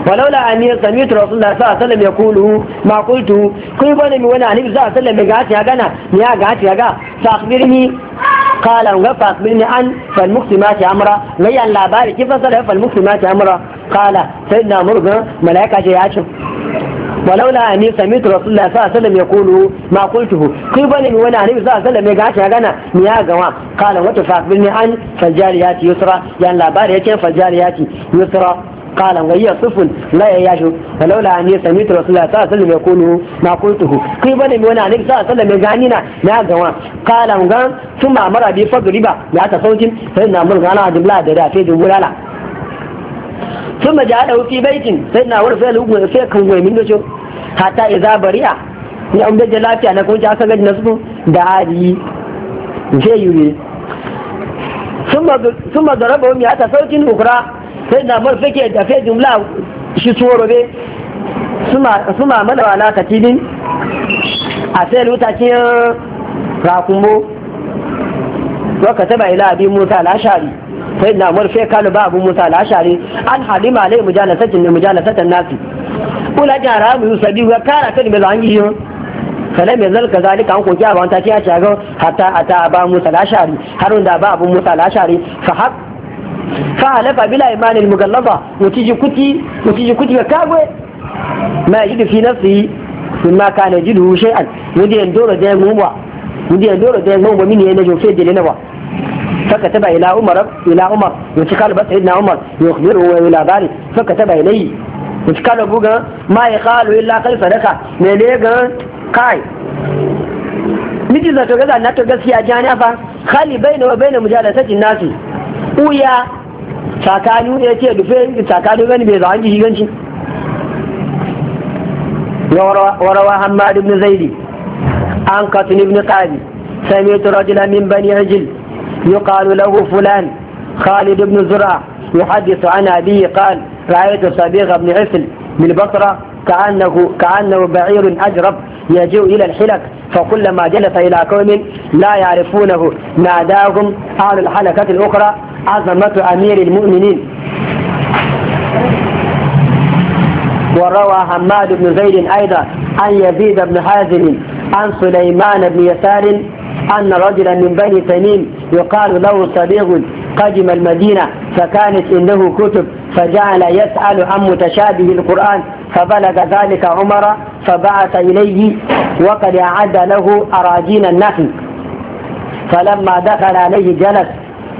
walaula a yi sami rasulullah sa'a sallam ya kulu ma kultu kun bane mi wani annabi sallallahu sallam wasallam gati ya gana ni ya ga kala ga fa akhbirni qala wa fa akhbirni an fal muqsimati amra la ya labari kifa sallallahu fal muqsimati amra qala sayyidina murga malaika ce ya ce walaula ani samitu rasulullah a alaihi wasallam yaqulu ma qultuhu kai bane ni wani annabi sallallahu alaihi wasallam ya gashi ya gana ni ya gawa qala wa tafakirni an faljariyati yusra yan labari yake faljariyati yusra قال وهي سفن لا يعيش ولولا اني سمعت رسول الله صلى الله عليه وسلم يقول ما قلته كي بني وانا عليه صلى الله عليه وسلم يغانينا نا غوا قال وغان ثم امر بي فضربا لا تصوتين فإن امر غانا جملة دا في جبلالا ثم جعله في بيت سيدنا عمر فعل في كان من شو Hata ya za bariya, ya umar da lafiya na kuma gani na su da hali ne. Sun summa daraba mi hata saukin Ukura, sai na bar fake da fe jumla shi tsoro su ma mana naka katibin a sai luta ce rakumbo lokata bai ila abi musa al sai na mar fe kalu ba abu musa al Shari. an halima alai mujalasatan mujalasatan nasi kula jin haramu yi sabi ga kara kan bai zangi yi kada mai zalka zalika an koki abin ta kiyace ga hatta ata ba musa lashari har da ba abun musa lashari fa hak fa halafa bila imanil mugallaba mutiji kuti mutiji kuti ga kagwe ma yajidu fi nafsi nafsihi ma kana jidu shay'an wanda dora da gumba wanda dora da gumba mini jo fe dele na ba فكتب إلى عمر إلى عمر وشكال بس سيدنا عمر يخبره إلى ذلك فكتب إليه wuce kada bugan ma ya kalu illa kai sadaka ne ne ga kai miji zato na to gaskiya jani afa khali baina wa baina mujalasati nasi uya tsakani ya ce dufe tsakani gani bai zan ji ganci وروى حماد بن زيد عن قتل بن قعب سمعت رجلا من بني عجل يقال له فلان خالد بن zura. يحدث عن أبيه قال رأيت صبيغ بن عفل بالبصرة كأنه, كأنه بعير أجرب يجيء إلى الحلك فكلما جلس إلى قوم لا يعرفونه ناداهم أهل الحلكة الأخرى عظمة أمير المؤمنين وروى حماد بن زيد أيضا عن يزيد بن حازم عن سليمان بن يسار أن رجلا من بني تميم يقال له صديق قدم المدينة فكانت عنده كتب فجعل يسأل عن متشابه القرآن فبلغ ذلك عمر فبعث إليه وقد أعد له أراجين النخل فلما دخل عليه جلس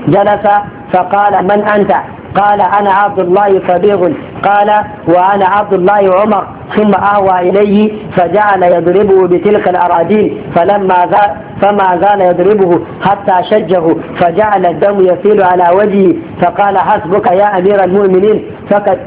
جلس فقال من أنت قال أنا عبد الله صبيغ قال وأنا عبد الله عمر ثم أهوى إليه فجعل يضربه بتلك الأراضين فلما ذا فما زال يضربه حتى شجه فجعل الدم يسيل على وجهه فقال حسبك يا أمير المؤمنين فقد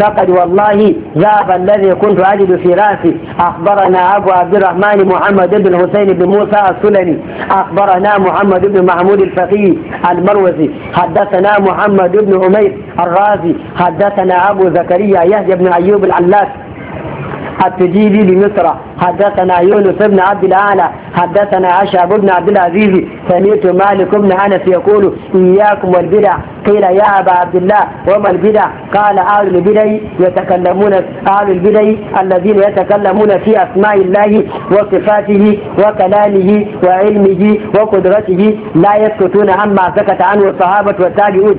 فقد والله ذهب الذي كنت أجد في رأسي أخبرنا أبو عبد الرحمن محمد بن حسين بن موسى السلمي أخبرنا محمد بن محمود الفقيه المروزي حدثنا محمد بن عمير الرازي حدثنا أبو زكريا يحيى بن أيوب العلاس التجيبي بمصر حدثنا يونس بن عبد الأعلى حدثنا عشاب بن عبد العزيز سمعت مالك بن أنس يقول إياكم والبدع قيل يا أبا عبد الله وما البدع قال أهل البدع يتكلمون أهل البدع الذين يتكلمون في أسماء الله وصفاته وكلامه وعلمه وقدرته لا يسكتون عما سكت عنه الصحابة والتابعون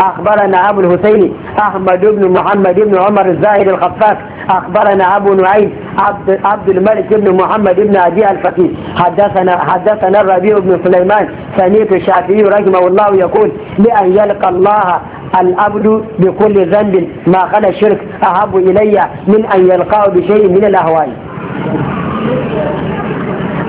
أخبرنا أبو الحسين أحمد بن محمد بن عمر الزاهد الخفاف أخبرنا أبو نعيم عبد, عبد الملك بن محمد بن أبي الفقيه حدثنا حدثنا الربيع بن سليمان سميت الشافعي رحمه الله يقول لأن يلقى الله العبد بكل ذنب ما خلا الشرك أحب إلي من أن يلقاه بشيء من الأهوال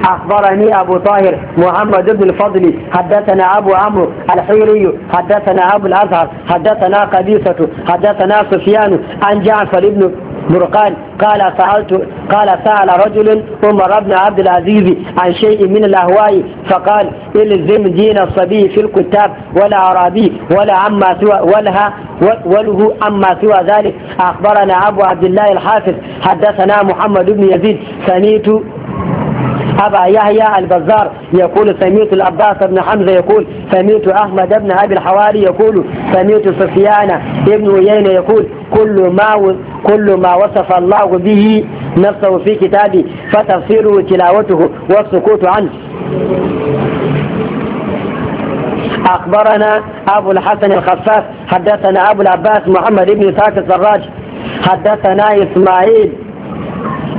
أخبرني أبو طاهر محمد بن الفضل حدثنا أبو عمرو الحيري حدثنا أبو الأزهر حدثنا قديسة حدثنا سفيان عن جعفر بن برقان قال سألت قال سأل رجل عمر بن عبد العزيز عن شيء من الأهواء فقال إلزم دين الصبي في الكتاب ولا عربي ولا عما سوى ولها وله عما سوى ذلك أخبرنا أبو عبد الله الحافظ حدثنا محمد بن يزيد سميت أبا يحيى البزار يقول سميت الأباس بن حمزة يقول سميت أحمد بن أبي الحواري يقول سميت سفيان بن عيينة يقول كل ما و... كل ما وصف الله به نفسه في كتابه فتفسيره تلاوته والسكوت عنه أخبرنا أبو الحسن الخفاف حدثنا أبو العباس محمد بن ساكت السراج حدثنا إسماعيل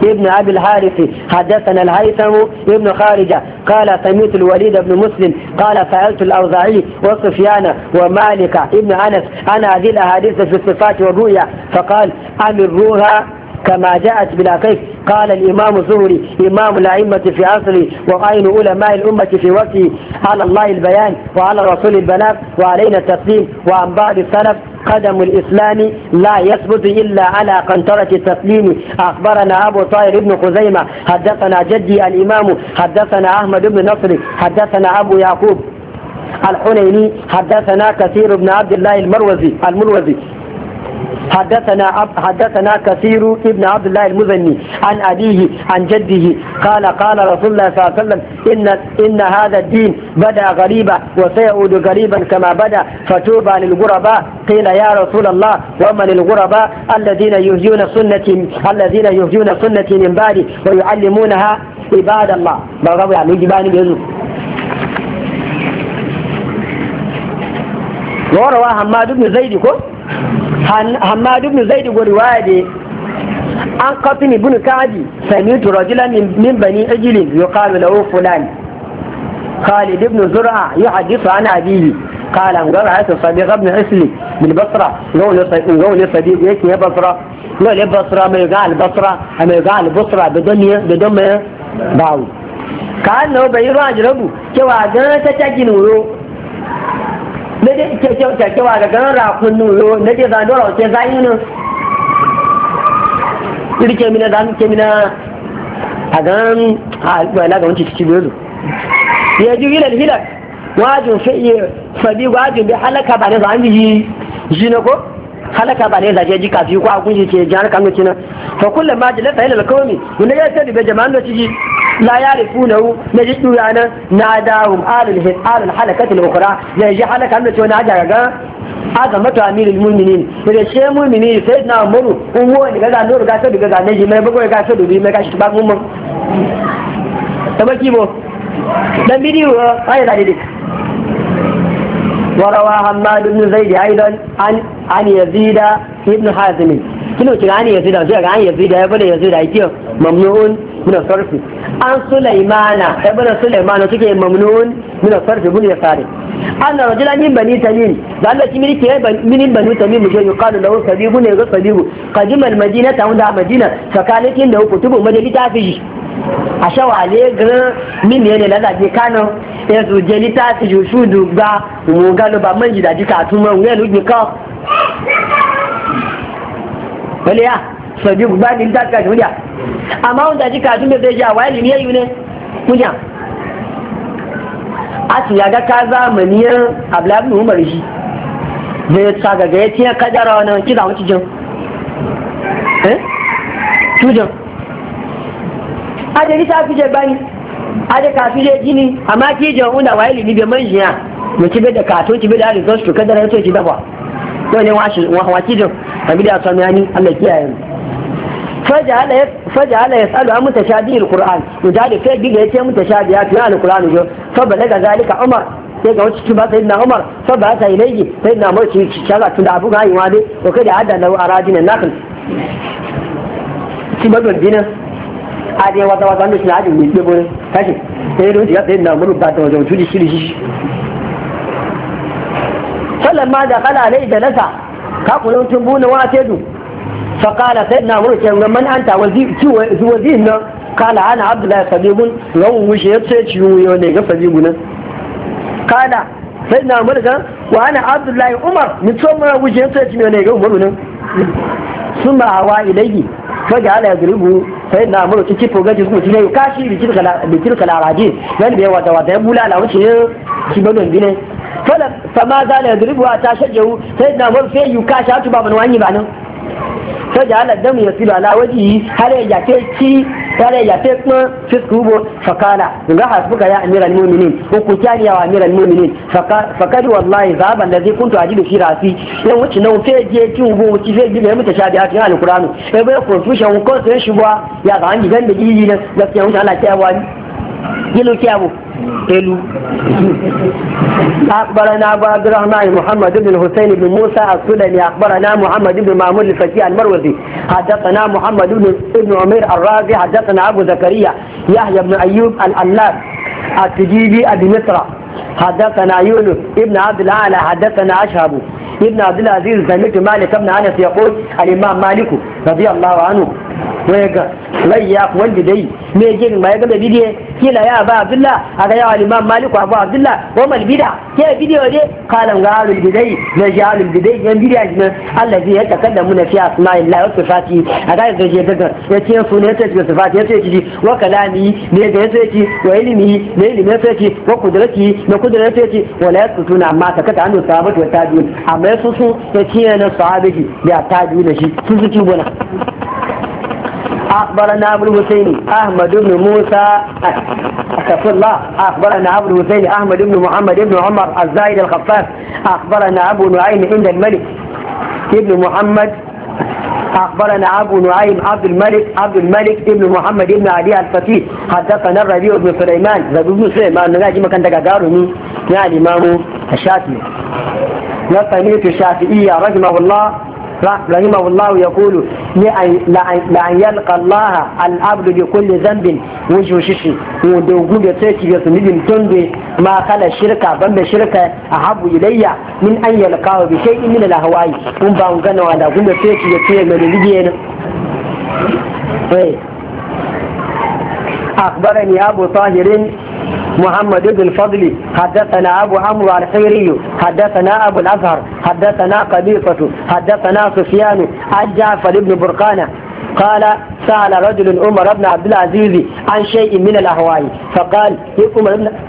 ابن أبي الحارث حدثنا الهيثم ابن خارجة قال سميت الوليد بن مسلم قال سألت الأوزاعي وسفيان ومالك ابن أنس أنا هذه الأحاديث في الصفات والرؤيا فقال أمروها كما جاءت بلا كيف قال الإمام الزهري إمام الأئمة في عصره وعين علماء الأمة في وقته على الله البيان وعلى الرسول البلاغ وعلينا التسليم وعن بعض السلف قدم الإسلام لا يثبت إلا على قنطرة التسليم أخبرنا أبو طاهر بن خزيمة حدثنا جدي الإمام حدثنا أحمد بن نصر حدثنا أبو يعقوب الحنيني حدثنا كثير بن عبد الله المروزي المروزي حدثنا عب حدثنا كثير ابن عبد الله المزني عن أبيه عن جده قال قال رسول الله صلى الله عليه وسلم إن إن هذا الدين بدأ غريبا وسيعود غريبا كما بدأ فتوبى للغرباء قيل يا رسول الله ومن الغرباء الذين يهجون سنتي الذين يهجون سنتي من بعدي ويعلمونها عباد الله بغضب يعني جباني بيزو وروى حماد بن زيد كو hamad ibn zaid go riwaya an qasim ibn kadi sami'tu rajulan min bani ajli yuqalu lahu fulan khalid ibn zur'a yuhaddithu an abihi قال ان قرأت صديق ابن عسلي من بصرة قول صديق ايش يا بصرة قول بصرة ما يقال بصرة ما يقال بصرة بدنيا بدم باو قال له بيراج ربو كوا جنة تجنورو na je kyakkyawa ga ganin rakun nuno na je zandora wace zanyi nan ke mina za mu ke mina a ganin a alƙwala ga wancan cikin yanzu ya ji hilal hilal wajin fa'i sabi wajin bi halaka ba da zan yi na ko halaka ba ne zaje jika biyu ko agunji ce jihar kano kina to kullum ma sai lal alqawmi wanda ya sani da jama'an da ciki la ya yarifunahu na ji tuyana nadahum alul hit alul halakati al-ukhra ya ji halaka da ce na ga azamatu amirul mu'minin da ce mu'mini sai na umaru uwo ne ga da nuru ga sai daga ga ne mai bugo ga sai dubi mai ga shi ba mun mun tabaki mo dan bidiyo eh, ayi da dai وروى حماد بن زيد أيضا عن عن يزيد بن حازم كله عن يزيد عن يزيد يقول يزيد أيتيو ممنوع من الصرف عن سليمان ابن سليمان تكي ممنون من الصرف بن يساري أن رجل من بني تميم لأن تميم من بني تميم يقال له صديق يقول صديق قدم المدينة عند مدينة فكانت عنده كتب مجلتا فيه أشوى عليه غير من يلي لا دي كانوا yanzu جلتا litafi yushudu gba وقالوا galo ba mọ́yìn ìdájí kàtúmọ̀ òun ẹ̀ ló sọ̀dí gbogbo àti níta kàtí múdíà àmọ́ àwọn ìdájí kàtí ń bèbè jẹ àwọn ẹ̀lì ne, èyí ní múdíà a ti yaga ka zamaniyar abdullahi umar shi da ya tsaga ga ya tiya kadara wani kiza wani cijin eh tujin a da nisa fi je bani a da kafi je jini amma kijin wanda wa ilimi bai man jiya mu ci bai da kato ci bai da alin zosu kadara ya to ci dabwa yau ne wa kijin tabi da sami yani allah kiyaye mu faja'ala yas'alu an mutashabihi alquran mujahid sai diga yace mutashabihi ya tuna alquran jo fa balaga zalika umar sai ga wacce ba sayyidina umar fa ba ta ilaji sayyidina umar shi shi kaga tunda abu ga yiwa dai to kada hada lahu aradin nakhl shi ba dinan a dai wata wata ne shi hadin ne ke bore kashi sai da ya sayyidina umar ba ta ma da kala da nasa ka na tumbuna wa فقال سيدنا عمر كان من انت وزير وزيرنا قال انا عبد الله صديق لو وش يتسيت يوني صديقنا قال سيدنا عمر كان وأنا عبد الله عمر من ثم وش يتسيت يوني عمرنا ثم هوا اليه فجعل يضربه سيدنا عمر تشي وجهه ثم تشي كاشي بتلك بتلك الأراجيل من بيوا دوا دبولا لا وش يبلون بينه فما زال يضربه حتى شجعه سيدنا عمر في يكاشي أتبع من واني بعنا ta jala damu ya silo ala waji har ya jafe ki har ya jafe kuma fisku bo fakala ga hasbuka ya amiral mu'minin ko ku kyani ya amiral mu'minin fakad wallahi zaba kuntu ajidu fi rasi wuce nan fe je ki wuce fe a cikin sai bai confusion ko sai shi gidan da ne gaskiya ya wani أخبرنا أبو عبد الرحمن محمد بن الحسين بن موسى السلمي أخبرنا محمد بن معمول الفتي المروزي حدثنا محمد بن ابن عمير الرازي حدثنا أبو زكريا يحيى بن أيوب الألاف التجيبي أبي مصر حدثنا يونس ابن عبد الأعلى حدثنا أشهب ابن عبد العزيز سمعت مالك بن أنس يقول الإمام مالك رضي الله عنه wai ga layya wanda dai me gin ma ya ga bidiye kila ya ba abdullah aga ya imam malik wa ba abdullah wa mal bida ke bidiyo dai kalan ga al bidai na ji al bidai yan bidiya ne Allah zai ya takallamu na fi la wa sifati aga ga je daga ya ce su ne ta sifati ya ce ji wa kalami ne ga ya ce ji wa ilimi ne ilimi ya ce ji wa kudrati na kudrati ya ce wa la yasutuna amma ta kata annu sahabatu wa tabi'in amma su su ya ce na sahabi ya tabi'in shi su su ci bona أخبرنا أبو الحسين أحمد بن موسى أستغفر الله أخبرنا أبو الحسين أحمد بن محمد بن عمر الزايد الخفاف أخبرنا أبو نعيم عند الملك ابن محمد أخبرنا أبو نعيم عبد الملك عبد الملك ابن محمد بن علي الفتيح حدثنا الربيع بن سليمان زبيب بن سليمان نجاجي نعم، مكان دقاقارني يا الإمام نعم، الشافعي وسمعت الشافعية رحمه الله رحمه الله يقول لأن يلقى الله العبد بكل ذنب وجه ششي ودوغو بيتيكي بيسنبين تندي ما قال الشركة بمب الشركة أحب إلي من أن يلقاه بشيء من الهوائي الأهواء ونبعون قنوا على قنوا بيتيكي بيتيكي بيتيكي أخبرني أبو طاهرين محمد بن الفضل حدثنا أبو عمرو الحيري حدثنا أبو الأزهر حدثنا قبيصة حدثنا سفيان عن جعفر بن برقانة قال سأل رجل عمر بن عبد العزيز عن شيء من الأهواء فقال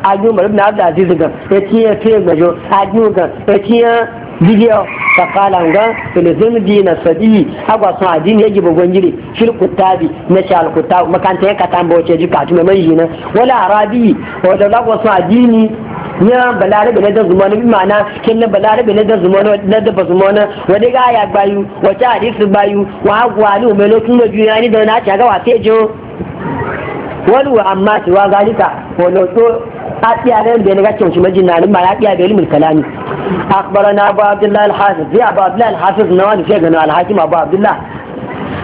عمر بن عبد العزيز يتيه فيه مجو أجنوك يتيه bidiyo ta kala nga filizin dina sadi agwa sun adini yake bugon gire fil kutabi na shi alkuta makanta ya katan ba wace jika tuma mai jina wala arabi wala lagwa sun adini ya balarabe na da zumana bi ma'ana kin na balarabe na da zumana na da ba zumana wani ga ya bayu wata hadisi bayu wa agwa o umelo tun da juya ni da na ta ga wa fejo wani wa amma ti wa galika wani to a tsiya da yadda ya ga kyau shi majina nan ba ya tsiya da ilimin kalami na abu abdullahi al-hafiz zai abu abdullahi al-hafiz na wani shegano al-hakim abu abdullahi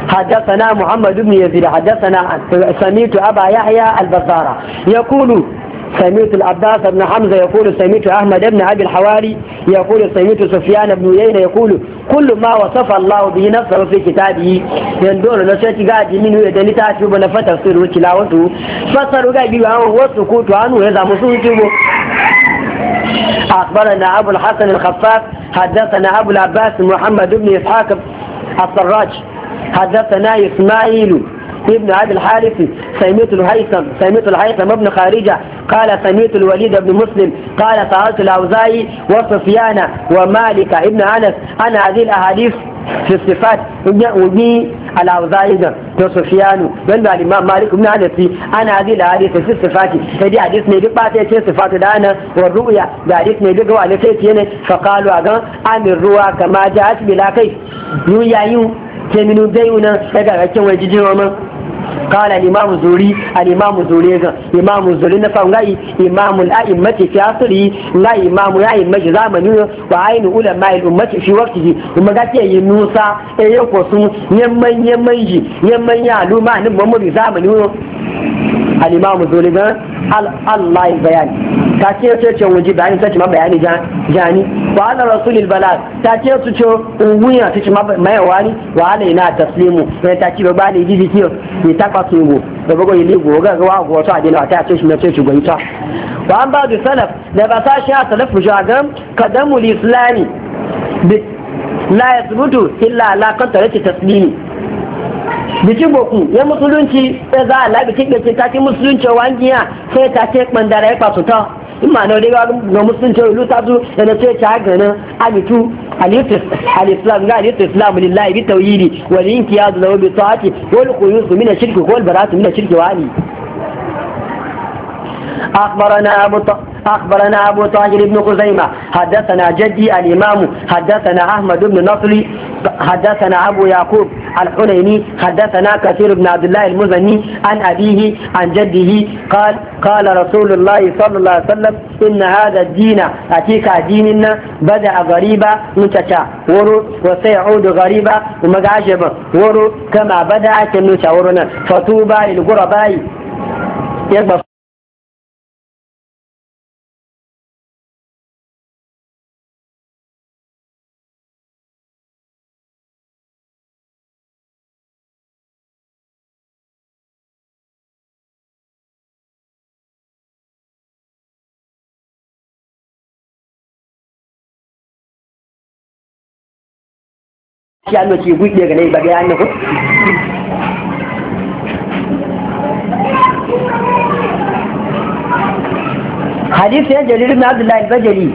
حدثنا محمد بن يزيد حدثنا سميت أبا Albazara ya يقول سميت العباس بن حمزة يقول سميت أحمد بن أبي الحواري يقول سميت سفيان بن يينة يقول كل ما وصف الله به نفسه في كتابه يندور نسيت قاعد منه يدني تاتيب نفتح سير وتلاوته فصر قاعد يوان وسكوت عنه إذا مصوته أخبرنا أبو الحسن الخفاف حدثنا أبو العباس محمد بن إسحاق السراج حدثنا إسماعيل ابن عبد الحارث سميت الهيثم سميت الهيثم ابن خارجة قال سمعت الوليد بن مسلم قال قرأت الأوزاعي وسفيان ومالك ابن أنس أن هذه الأحاديث في الصفات وجي الأوزاعي وسفيان بل الإمام مالك بن أنس أن هذه الأحاديث في الصفات فدي حديث نبي باتي في صفات دانا والرؤيا حديث نبي قوالي تيتين فقالوا أغن عن الرؤى كما جاءت بلا كيف يو يا يو كمنو ديونا يقول لك وجي جيوما kala imamu zuri al imamu zuri ga imamu zuri na fa ngai imamu al a'immati fi asri la imamu ya a'immati zamani wa ainu ulama al ummati fi waqtihi kuma ga yi nusa e yako sun yamman yamman ji yamman ya luma ni mu zamani al imamu zuri ga al bayani ta ce ce ce waje bayani ta ce ma bayani jani wa ala rasulil balad ta ce su ce unguya ta ce ma mai wani wa ala ina taslimu sai ta ce ba ne didi kiyo ni ta su go da bago ile go ga ga go ta dina ta ce shi ne ce shi ita wa an ba da salaf da ba sa shi salaf jagam kadamul islami la yasbutu illa la ta taslimi bikin boku ya musulunci sai za a labi cikin takin musulunci wangiya sai ta ce ɓandara ya fasuta in ma na riga ga cewa ilu ta zu da na ce ta ganin alitu al-islam ga al-islam lillahi bi tawhidi wal inqiyad lahu bi ta'ati wal quyus min ash-shirk wal bara'at min ash-shirk wani أخبرنا أبو أخبرنا أبو طاهر بن خزيمة حدثنا جدي الإمام حدثنا أحمد بن نصري حدثنا أبو يعقوب الحنيني حدثنا كثير بن عبد الله المزني عن أبيه عن جده قال قال رسول الله صلى الله عليه وسلم إن هذا الدين أتيك ديننا بدأ غريبا متشا ورو وسيعود غريبا ومقعجبا ورو كما بدأ كم نتشا ورنا فطوبى للغرباء يكبر shi an doki gwiɗe ga nai baga ya nufu hadisi yan jarir na abdullahi bajali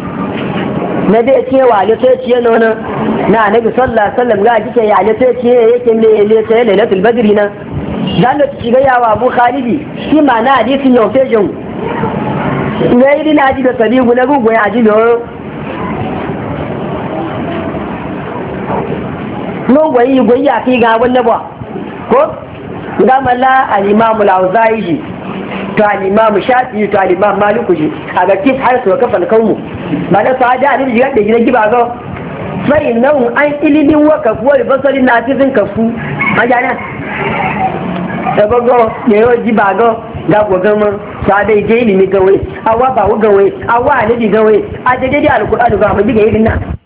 na da ya cewa ya sai ciye na wani na anabi sallallahu sallam ga kike ya ya sai ciye yake ne ne sai lailatul badri na dan da ci ga yawa abu khalidi shi ma na hadisin yau sai jin ne idin haji da sabigu na gugu ya haji da no gwayi gwayi a fi ga wani ba ko gama la alimamu lauzai ji to alimamu shafi to alimamu maliku ji a ga kif har su kafa mu ba da su a alif jigar da gidan giba ga sai an ilimin wa kafu wa basari na cikin kafu majana gogo ne yau jiba ga dagwa gama sadai je ilimi gawai awa bawu gawai awa alibi gawai a daidai alkur'ani ba mu diga irin nan